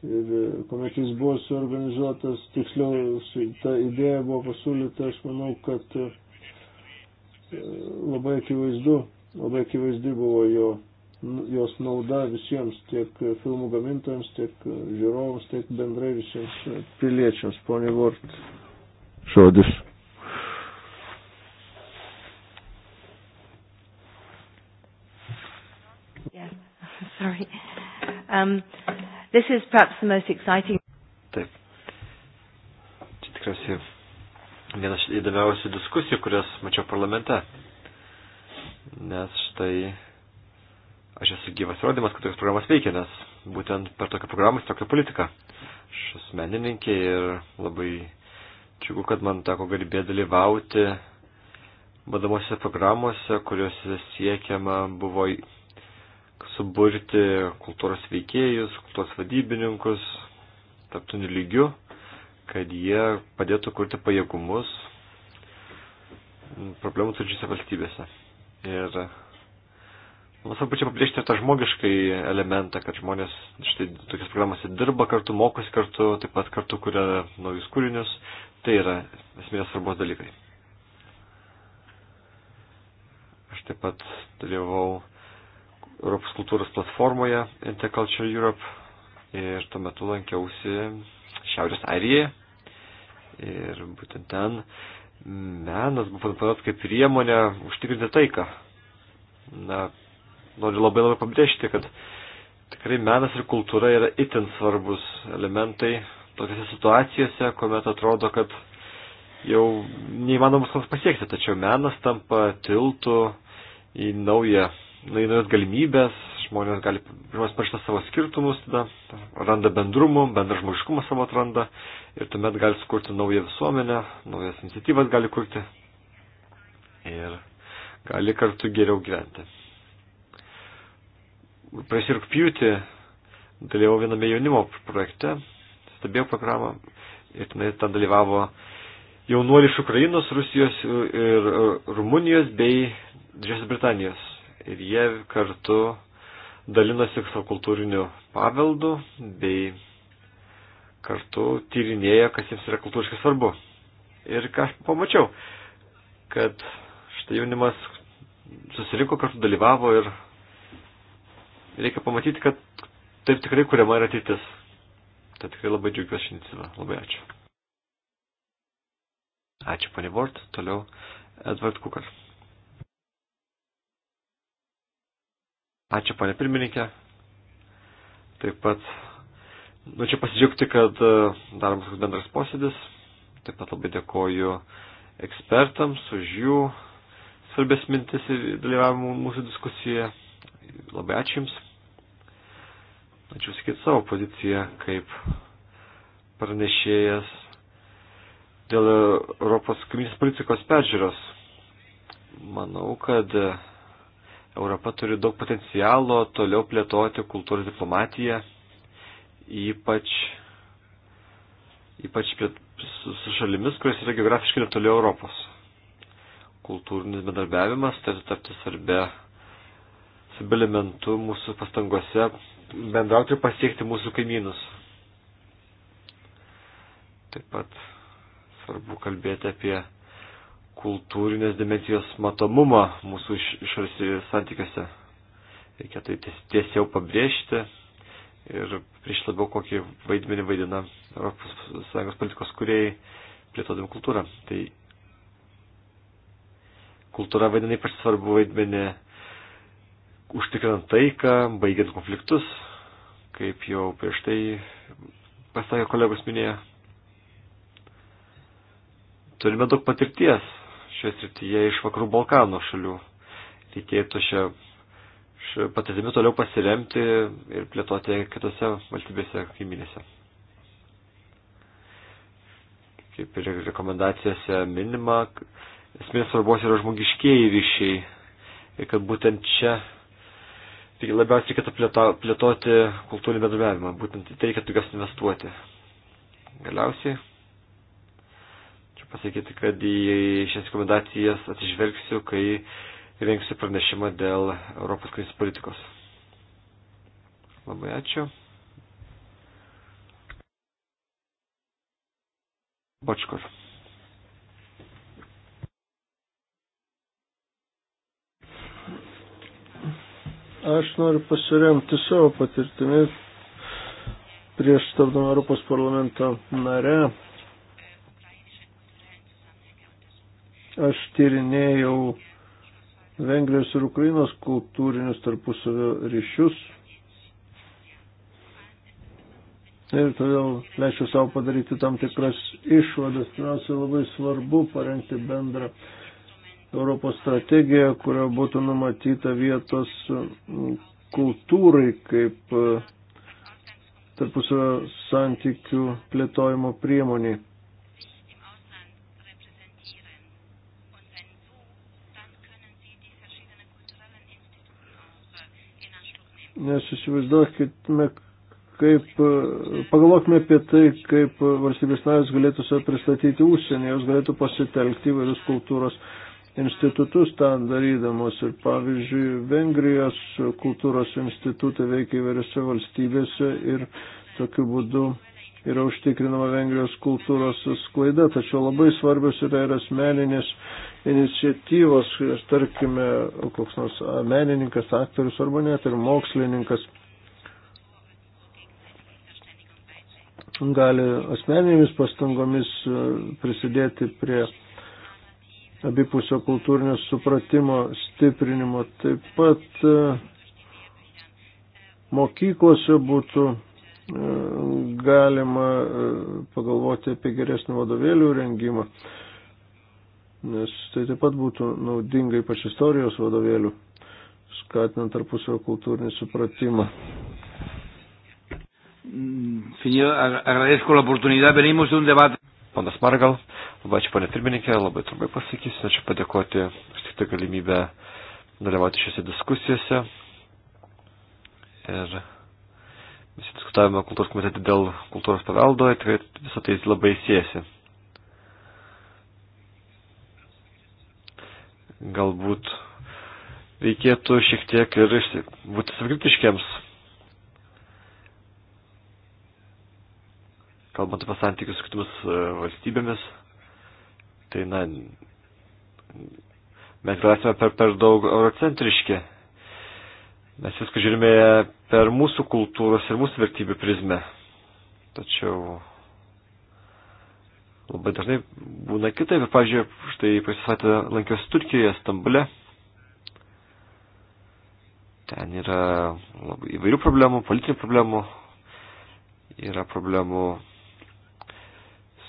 Ir e, kuomet jis buvo suorganizuotas, tiksliau ta idėja buvo pasiūlyta, aš manau, kad e, labai akivaizdu, labai akivaizdi buvo jo, jos nauda visiems, tiek filmų gamintojams, tiek žiūrovams, tiek bendrai visiems piliečiams. Pone Vort, žodis. Yeah. Sorry. Um, this is perhaps the most exciting. Taip. Čia tikriausiai vienas iš įdomiausių diskusijų, kurias mačiau parlamente. Nes štai aš esu gyvas rodymas, kad tokios programas veikia, nes būtent per tokią programą įsitraukiu politiką. Aš esu menininkė ir labai džiugu, kad man teko garbė dalyvauti badamosiose programuose, kuriuose siekiama buvo suburti kultūros veikėjus, kultūros vadybininkus, taptinių lygių kad jie padėtų kurti pajėgumus problemų turinčiose valstybėse. Ir man svarbu čia pabrėžti tą žmogiškai elementą, kad žmonės štai tokias programose dirba kartu, mokosi kartu, taip pat kartu kuria naujus kūrinius. Tai yra esmės svarbos dalykai. Aš taip pat dalyvau Europos kultūros platformoje Interculture Europe ir tuo metu lankiausi Šiaurės Airijoje. Ir būtent ten menas buvo panaudotas kaip priemonė užtikrinti taiką. Na, noriu labai labai pabrėžti, kad tikrai menas ir kultūra yra itin svarbus elementai tokiose situacijose, kuomet atrodo, kad jau neįmanomas mums pasiekti, tačiau menas tampa tiltų į naują įvairias galimybės, žmonės gali, žmonės pažįsta savo skirtumus, tada randa bendrumų, bendrą žmogiškumą savo atranda ir tuomet gali sukurti naują visuomenę, naujas iniciatyvas gali kurti ir gali kartu geriau gyventi. Prieš rūpjūtį dalyvau viename jaunimo projekte, stebėjau programą ir tenai ten dalyvavo jaunuoliai iš Ukrainos, Rusijos ir Rumunijos bei Didžiosios Britanijos ir jie kartu dalinasi kultūriniu paveldu bei kartu tyrinėja, kas jiems yra kultūriškai svarbu. Ir ką aš pamačiau, kad štai jaunimas susirinko kartu dalyvavo ir reikia pamatyti, kad taip tikrai kuriama yra ateitis. Tai tikrai labai džiaugiuosi šiandien. Labai ačiū. Ačiū, ponė Vort. Toliau Edvard Kukas. Ačiū, ponė pirmininkė. Taip pat norėčiau nu, pasidžiaugti, kad e, daromas bendras posėdis. Taip pat labai dėkoju ekspertams už jų svarbės mintis ir dalyvavimą mūsų diskusijoje. Labai ačiū Jums. Ačiū sakyti savo poziciją kaip pranešėjas dėl Europos kaminės politikos peržiūros. Manau, kad Europa turi daug potencialo toliau plėtoti kultūros diplomatiją, ypač, ypač su, su šalimis, kurios yra geografiškai netoli Europos. Kultūrinis bendarbiavimas turėtų tapti svarbia elementu mūsų pastangose bendrauti ir pasiekti mūsų kaimynus. Taip pat svarbu kalbėti apie kultūrinės dimensijos matomumą mūsų iš, išorės santykiuose. Reikia tai ties, tiesiau pabrėžti ir prieš labiau kokį vaidmenį vaidina ES politikos kuriai plėtodami kultūrą. Tai kultūra vaidina ypač svarbu vaidmenį užtikrinant taiką, baigiant konfliktus, kaip jau prieš tai pasakė kolegos minėjo. Turime daug patirties šioje srityje iš vakarų Balkano šalių. Reikėtų šią, šią patirtimį toliau pasiremti ir plėtoti kitose valstybėse kaiminėse. Kaip ir rekomendacijose minima, esmės svarbos yra žmogiškieji ryšiai. Ir kad būtent čia tai labiausiai reikėtų plėto, plėtoti kultūrinį bendravimą. Būtent į tai reikėtų jas investuoti. Galiausiai pasakyti, kad į šias rekomendacijas atsižvelgsiu, kai rengsiu pranešimą dėl Europos krizės politikos. Labai ačiū. Bočkur. Aš noriu pasiremti savo patirtimi prieš tapdama Europos parlamento nare Aš tyrinėjau Vengrijos ir Ukrainos kultūrinius tarpusavio ryšius. Ir todėl leisiu savo padaryti tam tikras išvadas. Pirmiausia, labai svarbu parengti bendrą Europos strategiją, kurio būtų numatyta vietos kultūrai kaip tarpusavio santykių plėtojimo priemoniai. Nes įsivaizduokime, kaip, pagalvokime apie tai, kaip valstybės narės galėtų save pristatyti užsienį, jos galėtų pasitelkti įvairius kultūros institutus ten darydamos. Ir pavyzdžiui, Vengrijos kultūros institutai veikia įvairiose valstybėse ir tokiu būdu yra užtikrinama Vengrijos kultūros sklaida, tačiau labai svarbios yra ir asmeninės iniciatyvos, tarkime, koks nors menininkas, aktorius arba net ir mokslininkas gali asmeninėmis pastangomis e, prisidėti prie abipusio kultūrinio supratimo stiprinimo. Taip pat e, mokyklose būtų e, galima pagalvoti apie geresnį vadovėlių rengimą nes tai taip pat būtų naudinga ypač istorijos vadovėlių, skatinant tarpusavio kultūrinį supratimą. Ponas Margal, labai ačiū ponė pirmininkė, labai trumpai pasakysiu, ačiū padėkoti už tik tą galimybę dalyvauti šiose diskusijose. Ir mes diskutavome kultūros komitete dėl kultūros paveldo, tai visą tai labai siejasi. galbūt reikėtų šiek tiek ir būti savikritiškiams, kalbant apie santykius su kitomis e, valstybėmis. Tai, na, mes gal esame per, per daug eurocentriški. Mes viską žiūrime per mūsų kultūros ir mūsų vertybių prizmę. Tačiau Labai dažnai būna kitaip. Ir, pavyzdžiui, štai pasisatė lankiausi Turkijoje, Stambule. Ten yra labai įvairių problemų, politinių problemų. Yra problemų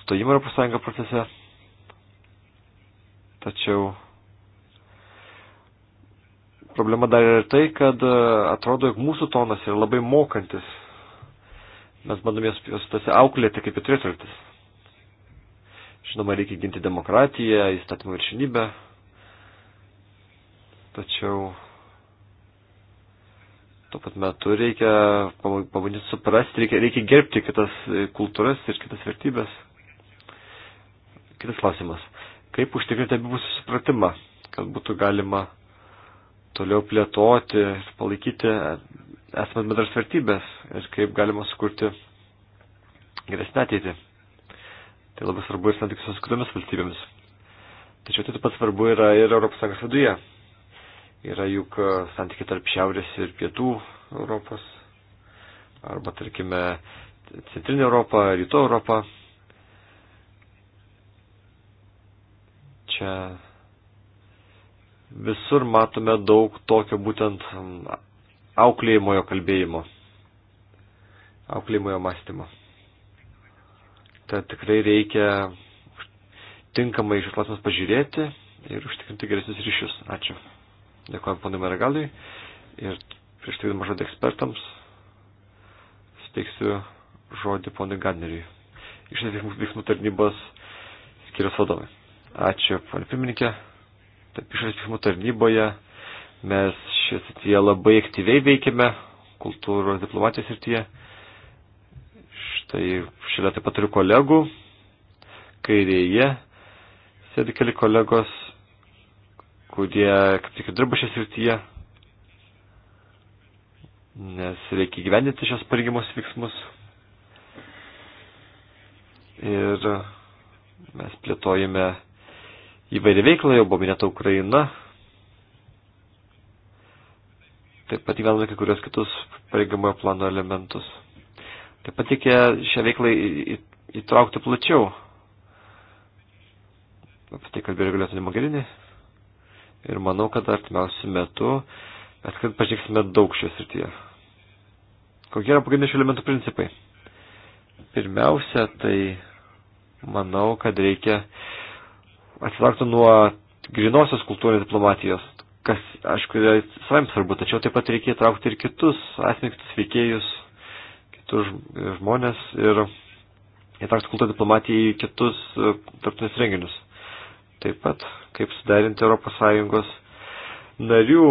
stojimo Europos Sąjungą procese. Tačiau problema dar yra tai, kad e, atrodo, jog mūsų tonas yra labai mokantis. Mes bandome juos tarsi auklėti, kaip jie turėtų elgtis. Žinoma, reikia ginti demokratiją, įstatymų viršinybę. Tačiau tuo pat metu reikia pabandyti suprasti, reikia, reikia gerbti kitas e, kultūras ir kitas vertybės. Kitas klausimas. Kaip užtikrinti abipusį supratimą, kad būtų galima toliau plėtoti ir palaikyti esamas bendras vertybės ir kaip galima sukurti geresnę ateitį. Tai labai svarbu ir santykiuose su kitomis valstybėmis. Tačiau tai taip pat svarbu yra ir ES viduje. Yra juk e, santykiai tarp šiaurės ir pietų Europos, arba tarkime centrinė Europa, rytų Europa. Čia visur matome daug tokio būtent mm, auklėjimojo kalbėjimo, auklėjimojo mąstymo kad tikrai reikia tinkamai šios klausimus pažiūrėti ir užtikrinti geresnius ryšius. Ačiū. Dėkuoju ponui Maragalui ir prieš tai žodį ekspertams suteiksiu žodį ponui Gadneriui. Iš esmės veiksmų tarnybos skirios vadovai. Ačiū, ponė pirmininkė. Taip, išorės veiksmų tarnyboje mes šioje srityje labai aktyviai veikiame kultūros diplomatijos srityje. Ir, Tai šalia taip pat turiu kolegų. Kairėje sėdi keli kolegos, kurie kaip tik dirba šią srityje, nes reikia gyvendinti šios pareigimus veiksmus. Ir mes plėtojame įvairią veiklą, jau buvo minėta Ukraina. Taip pat įgyvendame kai kurios kitus pareigiamojo plano elementus. Taip pat reikia šią veiklą įtraukti plačiau. Apie tai kalbėjo reguliuotojų magalinį. Ir manau, kad artimiausių metų mes kad pažiūrėsime daug šios srityje. Kokie yra pagrindiniai šių elementų principai? Pirmiausia, tai manau, kad reikia atsitraukti nuo grinosios kultūrinės diplomatijos, kas, aišku, yra savim svarbu, tačiau taip pat reikia įtraukti ir kitus asmenys, kitus veikėjus, žmonės ir įtraukti kultūrą diplomatiją į kitus e, tarptautinius renginius. Taip pat, kaip suderinti ES narių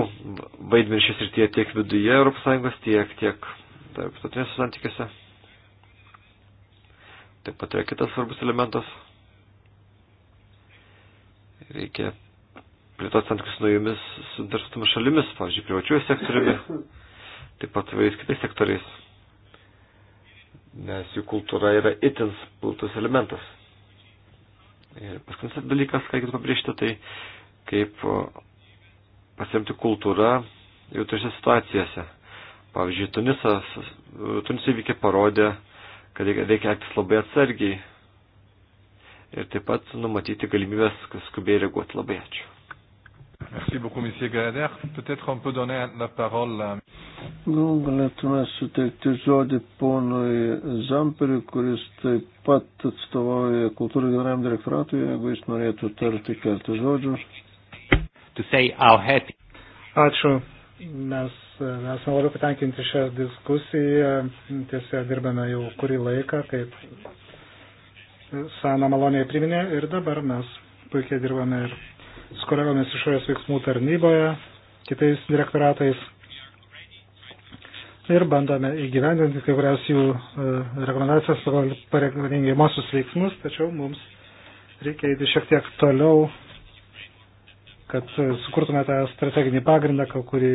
vaidmenį šis rytyje tiek viduje ES, tiek, tiek tarptautinėse santykiuose. Taip pat yra kitas svarbus elementas. Reikia plėtoti santykius naujomis suinteresuotomis šalimis, pavyzdžiui, privačiuoju sektoriumi, taip pat vairiais kitais sektoriais nes jų kultūra yra itin platus elementas. Ir paskutinis dalykas, ką reikėtų pabrėžti, tai kaip pasiimti kultūrą jautriose situacijose. Pavyzdžiui, Tunisas, Tuniso įvykiai parodė, kad reikia elgtis labai atsargiai ir taip pat numatyti galimybės skubiai reaguoti. Labai ačiū. Merci beaucoup, Monsieur Gader. Peut-être on peut donner la parole à... Gal galėtume suteikti žodį ponui Zamperiui, kuris taip pat atstovauja kultūros generaliam direktoratui, jeigu jis norėtų tarti keletą žodžių. Ačiū. Mes esame labai patenkinti šią diskusiją. Tiesiog dirbame jau kurį laiką, kaip Sana maloniai priminė ir dabar mes puikiai dirbame ir su kolegomis išorės veiksmų tarnyboje, kitais direktoratais ir bandome įgyvendinti kai kurias jų e, rekomendacijas pagal parengiamosius veiksmus, tačiau mums reikia eiti šiek tiek toliau, kad e, sukurtume tą strateginį pagrindą, kurį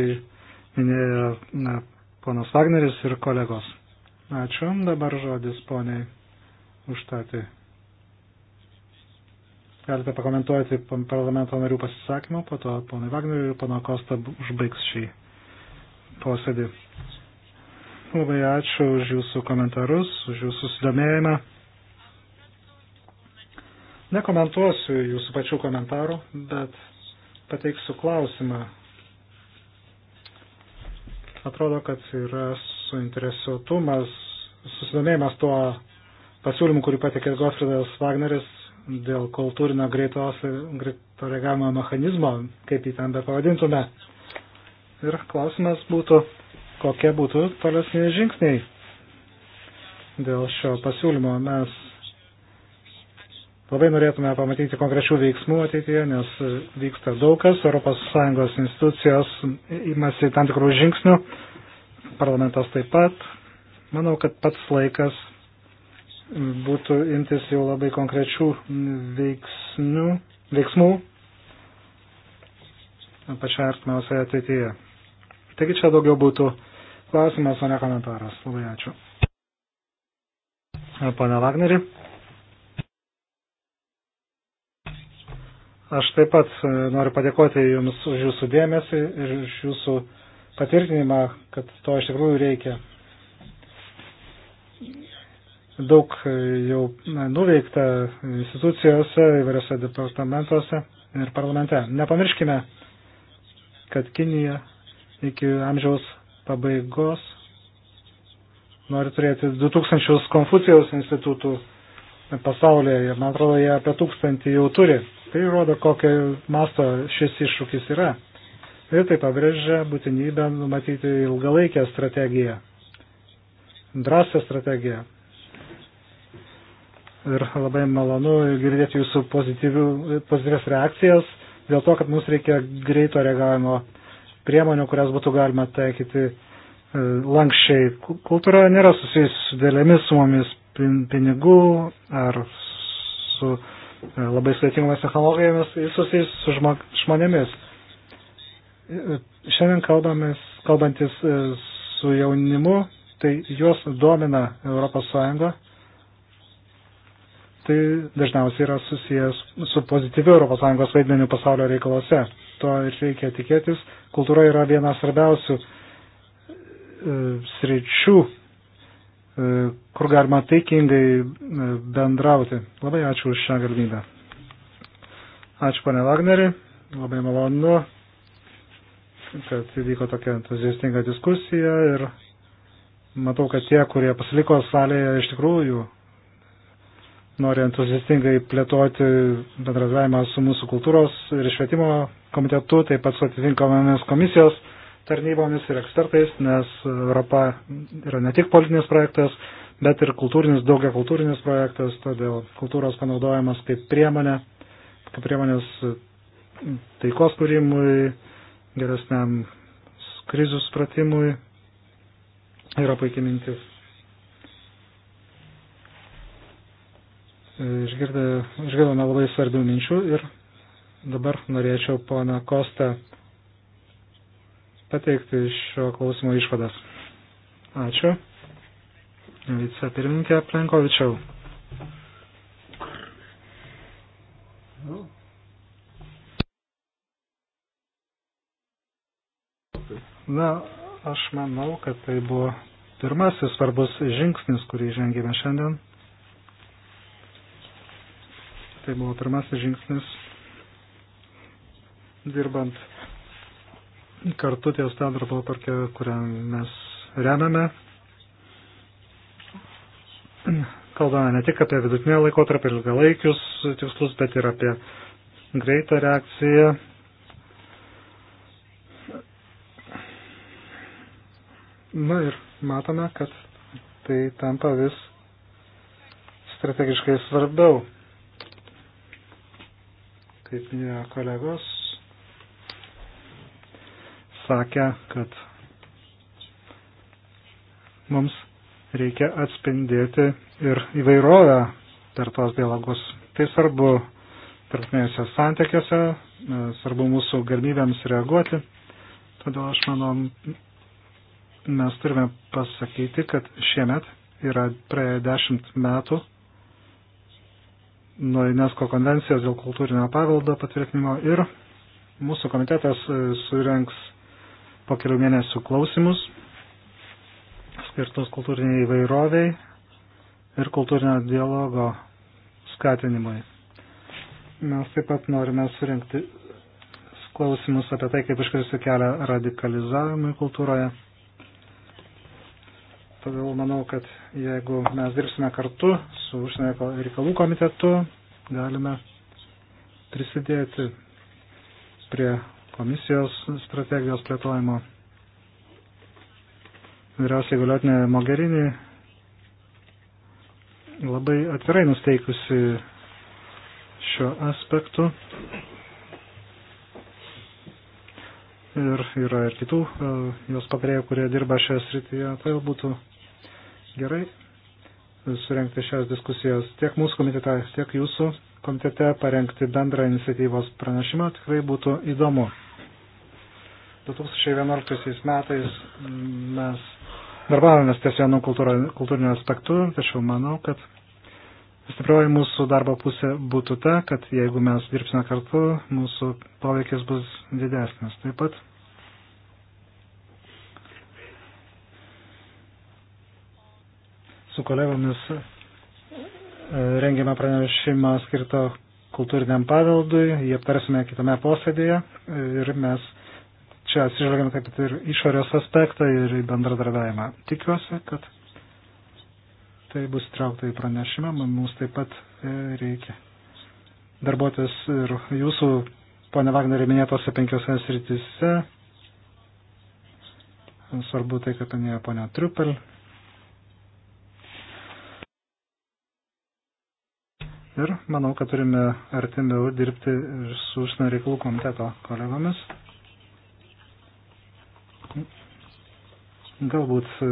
minėjo na, ponas Wagneris ir kolegos. Ačiū, dabar žodis poniai užtatai. Galite pakomentuoti parlamento narių pasisakymų, po to ponai Vagneriui ir pono Kosta užbaigs šį posėdį. Labai ačiū už jūsų komentarus, už jūsų susidomėjimą. Nekomentuosiu jūsų pačių komentarų, bet pateiksiu klausimą. Atrodo, kad yra suinteresuotumas, susidomėjimas tuo pasiūlymu, kurį patikė Gofridas Wagneris dėl kultūrinio greitos, greito reagavimo mechanizmo, kaip jį ten bepavadintume. Ir klausimas būtų, kokie būtų tolesni žingsniai dėl šio pasiūlymo. Mes labai norėtume pamatyti konkrečių veiksmų ateityje, nes vyksta daug kas, ES institucijos imasi tam tikrų žingsnių, parlamentas taip pat. Manau, kad pats laikas būtų imtis jau labai konkrečių veiksnių, veiksmų pačioje artimiausioje ateityje. Taigi čia daugiau būtų klausimas, o ne komentaras. Labai ačiū. Pane Vagneri. Aš taip pat e, noriu padėkoti Jums už Jūsų dėmesį ir už Jūsų patvirtinimą, kad to iš tikrųjų reikia daug e, jau nuveikta institucijose, įvairiose departamentuose ir parlamente. Nepamirškime, kad Kinija iki amžiaus pabaigos nori turėti 2000 Konfucijaus institutų pasaulyje. Man atrodo, jie apie tūkstantį jau turi. Tai rodo, kokio masto šis iššūkis yra. Ir tai pabrėžia būtinybę numatyti ilgalaikę strategiją. Drąsią strategiją ir labai malonu girdėti jūsų pozityvias reakcijas dėl to, kad mums reikia greito reagavimo priemonių, kurias būtų galima taikyti e, lankščiai. Kultūra nėra susijusi su dėlėmis sumomis pinigų ar su e, labai sudėtingomis technologijomis, jis susijęs su žmonėmis. E, šiandien kalbamis, kalbantis su jaunimu, tai juos domina ES tai dažniausiai yra susijęs su pozityviu ES vaidmeniu pasaulio reikaluose. To ir reikia tikėtis. Kultūra yra viena svarbiausių e, sričių, e, kur galima taikingai e, bendrauti. Labai ačiū už šią galimybę. Ačiū, pane Vagneri. Labai malonu, kad įvyko tokia entuziastinga diskusija ir matau, kad tie, kurie pasiliko salėje, iš tikrųjų nori entuziastingai plėtoti bendradavimą su mūsų kultūros ir švietimo komitetu, taip pat su atitinkamomis komisijos tarnybomis ir ekspertais, nes Europa yra ne tik politinis projektas, bet ir kultūrinis, daugia kultūrinis projektas, todėl kultūros panaudojimas kaip priemonė, kaip priemonės taikos kūrimui, geresniam krizių supratimui yra puikia mintis. išgirdome labai svarbių minčių ir dabar norėčiau poną Kostą pateikti šio klausimo išvadas. Ačiū. Vicepirmininkė Plenkovičiau. Na, aš manau, kad tai buvo pirmasis svarbus žingsnis, kurį žengėme šiandien. Tai buvo pirmasis žingsnis dirbant kartu ties tą darbo tarkę, kurią mes remiame. Kalbame ne tik apie vidutinę laikotarpį ir ilgalaikius tikslus, bet ir apie greitą reakciją. Na ir matome, kad tai tampa vis strategiškai svarbiau kaip minėjo kolegos, sakė, kad mums reikia atspindėti ir įvairovę per tos dialogus. Tai svarbu tarptautinėse santykiuose, svarbu mūsų galimybėms reaguoti. Todėl aš manau, mes turime pasakyti, kad šiemet yra praėję dešimt metų nuo UNESCO konvencijos dėl kultūrinio paveldo patvirtinimo ir mūsų komitetas e, surenks po kelių mėnesių klausimus skirtus kultūriniai įvairoviai ir kultūrinio dialogo skatinimui. Mes taip pat norime surinkti klausimus apie tai, kaip iškirsti kelią radikalizavimui kultūroje. Todėl manau, kad jeigu mes dirbsime kartu su užsienio reikalų komitetu, galime prisidėti prie komisijos strategijos plėtojimo. Vyriausiai galiotinė Mogherini labai atvirai nusteikusi šiuo aspektu. Ir yra ir kitų e, jos patarėjų, kurie dirba šioje srityje. Tai būtų gerai surenkti šias diskusijas tiek mūsų komitete, tiek jūsų komitete, parengti bendrą iniciatyvos pranešimą tikrai būtų įdomu. 2011 metais mes darbavomės ties vienu kultūriniu aspektu, tačiau manau, kad stiprioji mūsų darbo pusė būtų ta, kad jeigu mes dirbsime kartu, mūsų poveikis bus didesnis. Taip pat su kolegomis e, rengiame pranešimą skirtą kultūriniam paveldui, jį aptarsime kitame posėdėje ir mes čia atsižvelgiame taip pat ir išorės aspektą ir bendradarbiavimą. Tikiuosi, kad tai bus traukta į pranešimą, mums taip pat e, reikia darbuotis ir jūsų, ponė Vagnerė, minėtose penkiose sritise. Svarbu tai, kad minėjo ponia Triupel. Ir manau, kad turime artimiau dirbti su užsienio reikalų komiteto kolegomis. Galbūt e,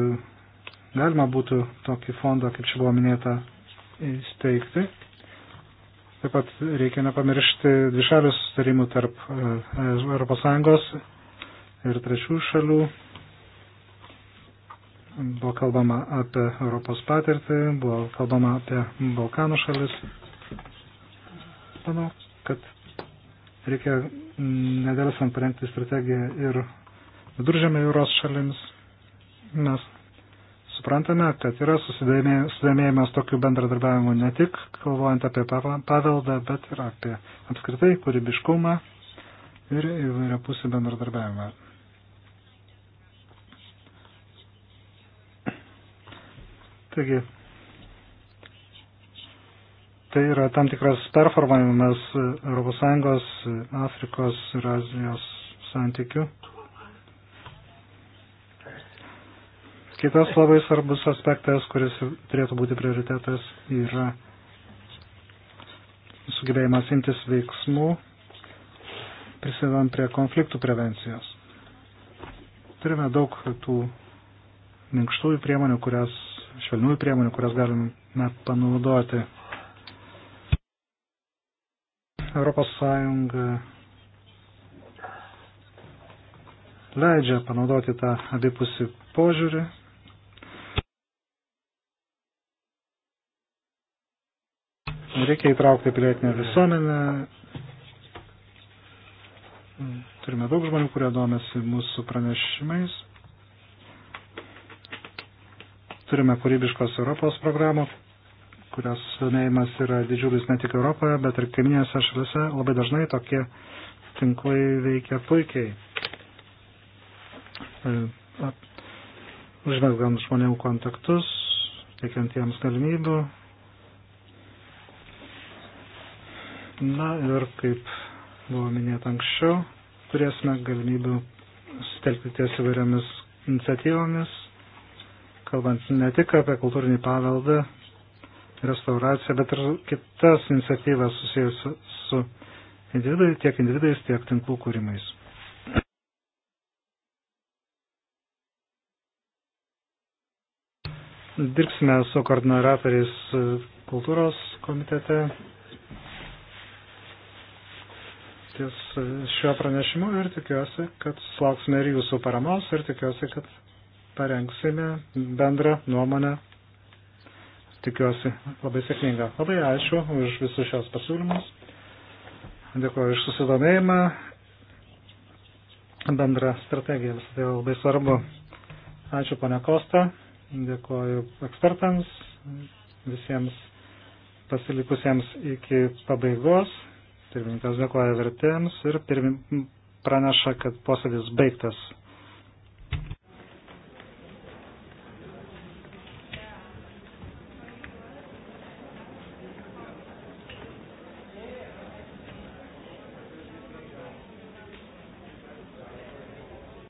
galima būtų tokį fondą, kaip čia buvo minėta, įsteigti. Taip pat reikia nepamiršti dvišalių sustarimų tarp ES ir trečių šalių. Buvo kalbama apie Europos patirtį, buvo kalbama apie Balkanų šalis. Manau, kad reikia nedėlsant parengti strategiją ir viduržėmio jūros šalims. Mes suprantame, kad yra susidomėjimas tokiu bendradarbiavimu ne tik kalvojant apie paveldą, bet ir apie apskritai kūrybiškumą ir įvairia pusė bendradarbiavimą. Taigi, tai yra tam tikras performavimas ES, Afrikos ir Azijos santykių. Kitas labai svarbus aspektas, kuris turėtų būti prioritetas, yra sugebėjimas imtis veiksmų, prisidedant prie konfliktų prevencijos. Turime daug tų minkštųjų priemonių, kurias, švelniųjų priemonių, kurias galime panaudoti ES leidžia panaudoti tą abipusį požiūrį. Reikia įtraukti pilietinę visuomenę. Turime daug žmonių, kurie domėsi mūsų pranešimais. Turime kūrybiškos Europos programą, kurios susidomėjimas yra didžiulis ne tik Europoje, bet ir kaiminėse šalise, labai dažnai tokie tinklai veikia puikiai. Užvelgant e, žmonių kontaktus, teikiant jiems galimybių. Na ir kaip buvo minėta anksčiau, turėsime galimybių sutelkti ties įvairiomis iniciatyvomis, kalbant ne tik apie kultūrinį paveldą, restauraciją, bet ir kitas iniciatyvas susijęs su individai, tiek individais, tiek tinklų kūrimais. Dirbsime su koordinatoriais kultūros komitete ties šiuo pranešimu ir tikiuosi, kad sulauksime ir jūsų paramos ir tikiuosi, kad parengsime bendrą nuomonę tikiuosi, labai sėkminga. Labai ačiū už visus šios pasiūlymus. Dėkuoju iš susidomėjimą. Bendra strategija, visą tai labai svarbu. Ačiū ponia Kosta, dėkuoju ekspertams, visiems pasilikusiems iki pabaigos. Pirmininkas dėkuoja vertėms ir pirmin... praneša, kad posėdis baigtas.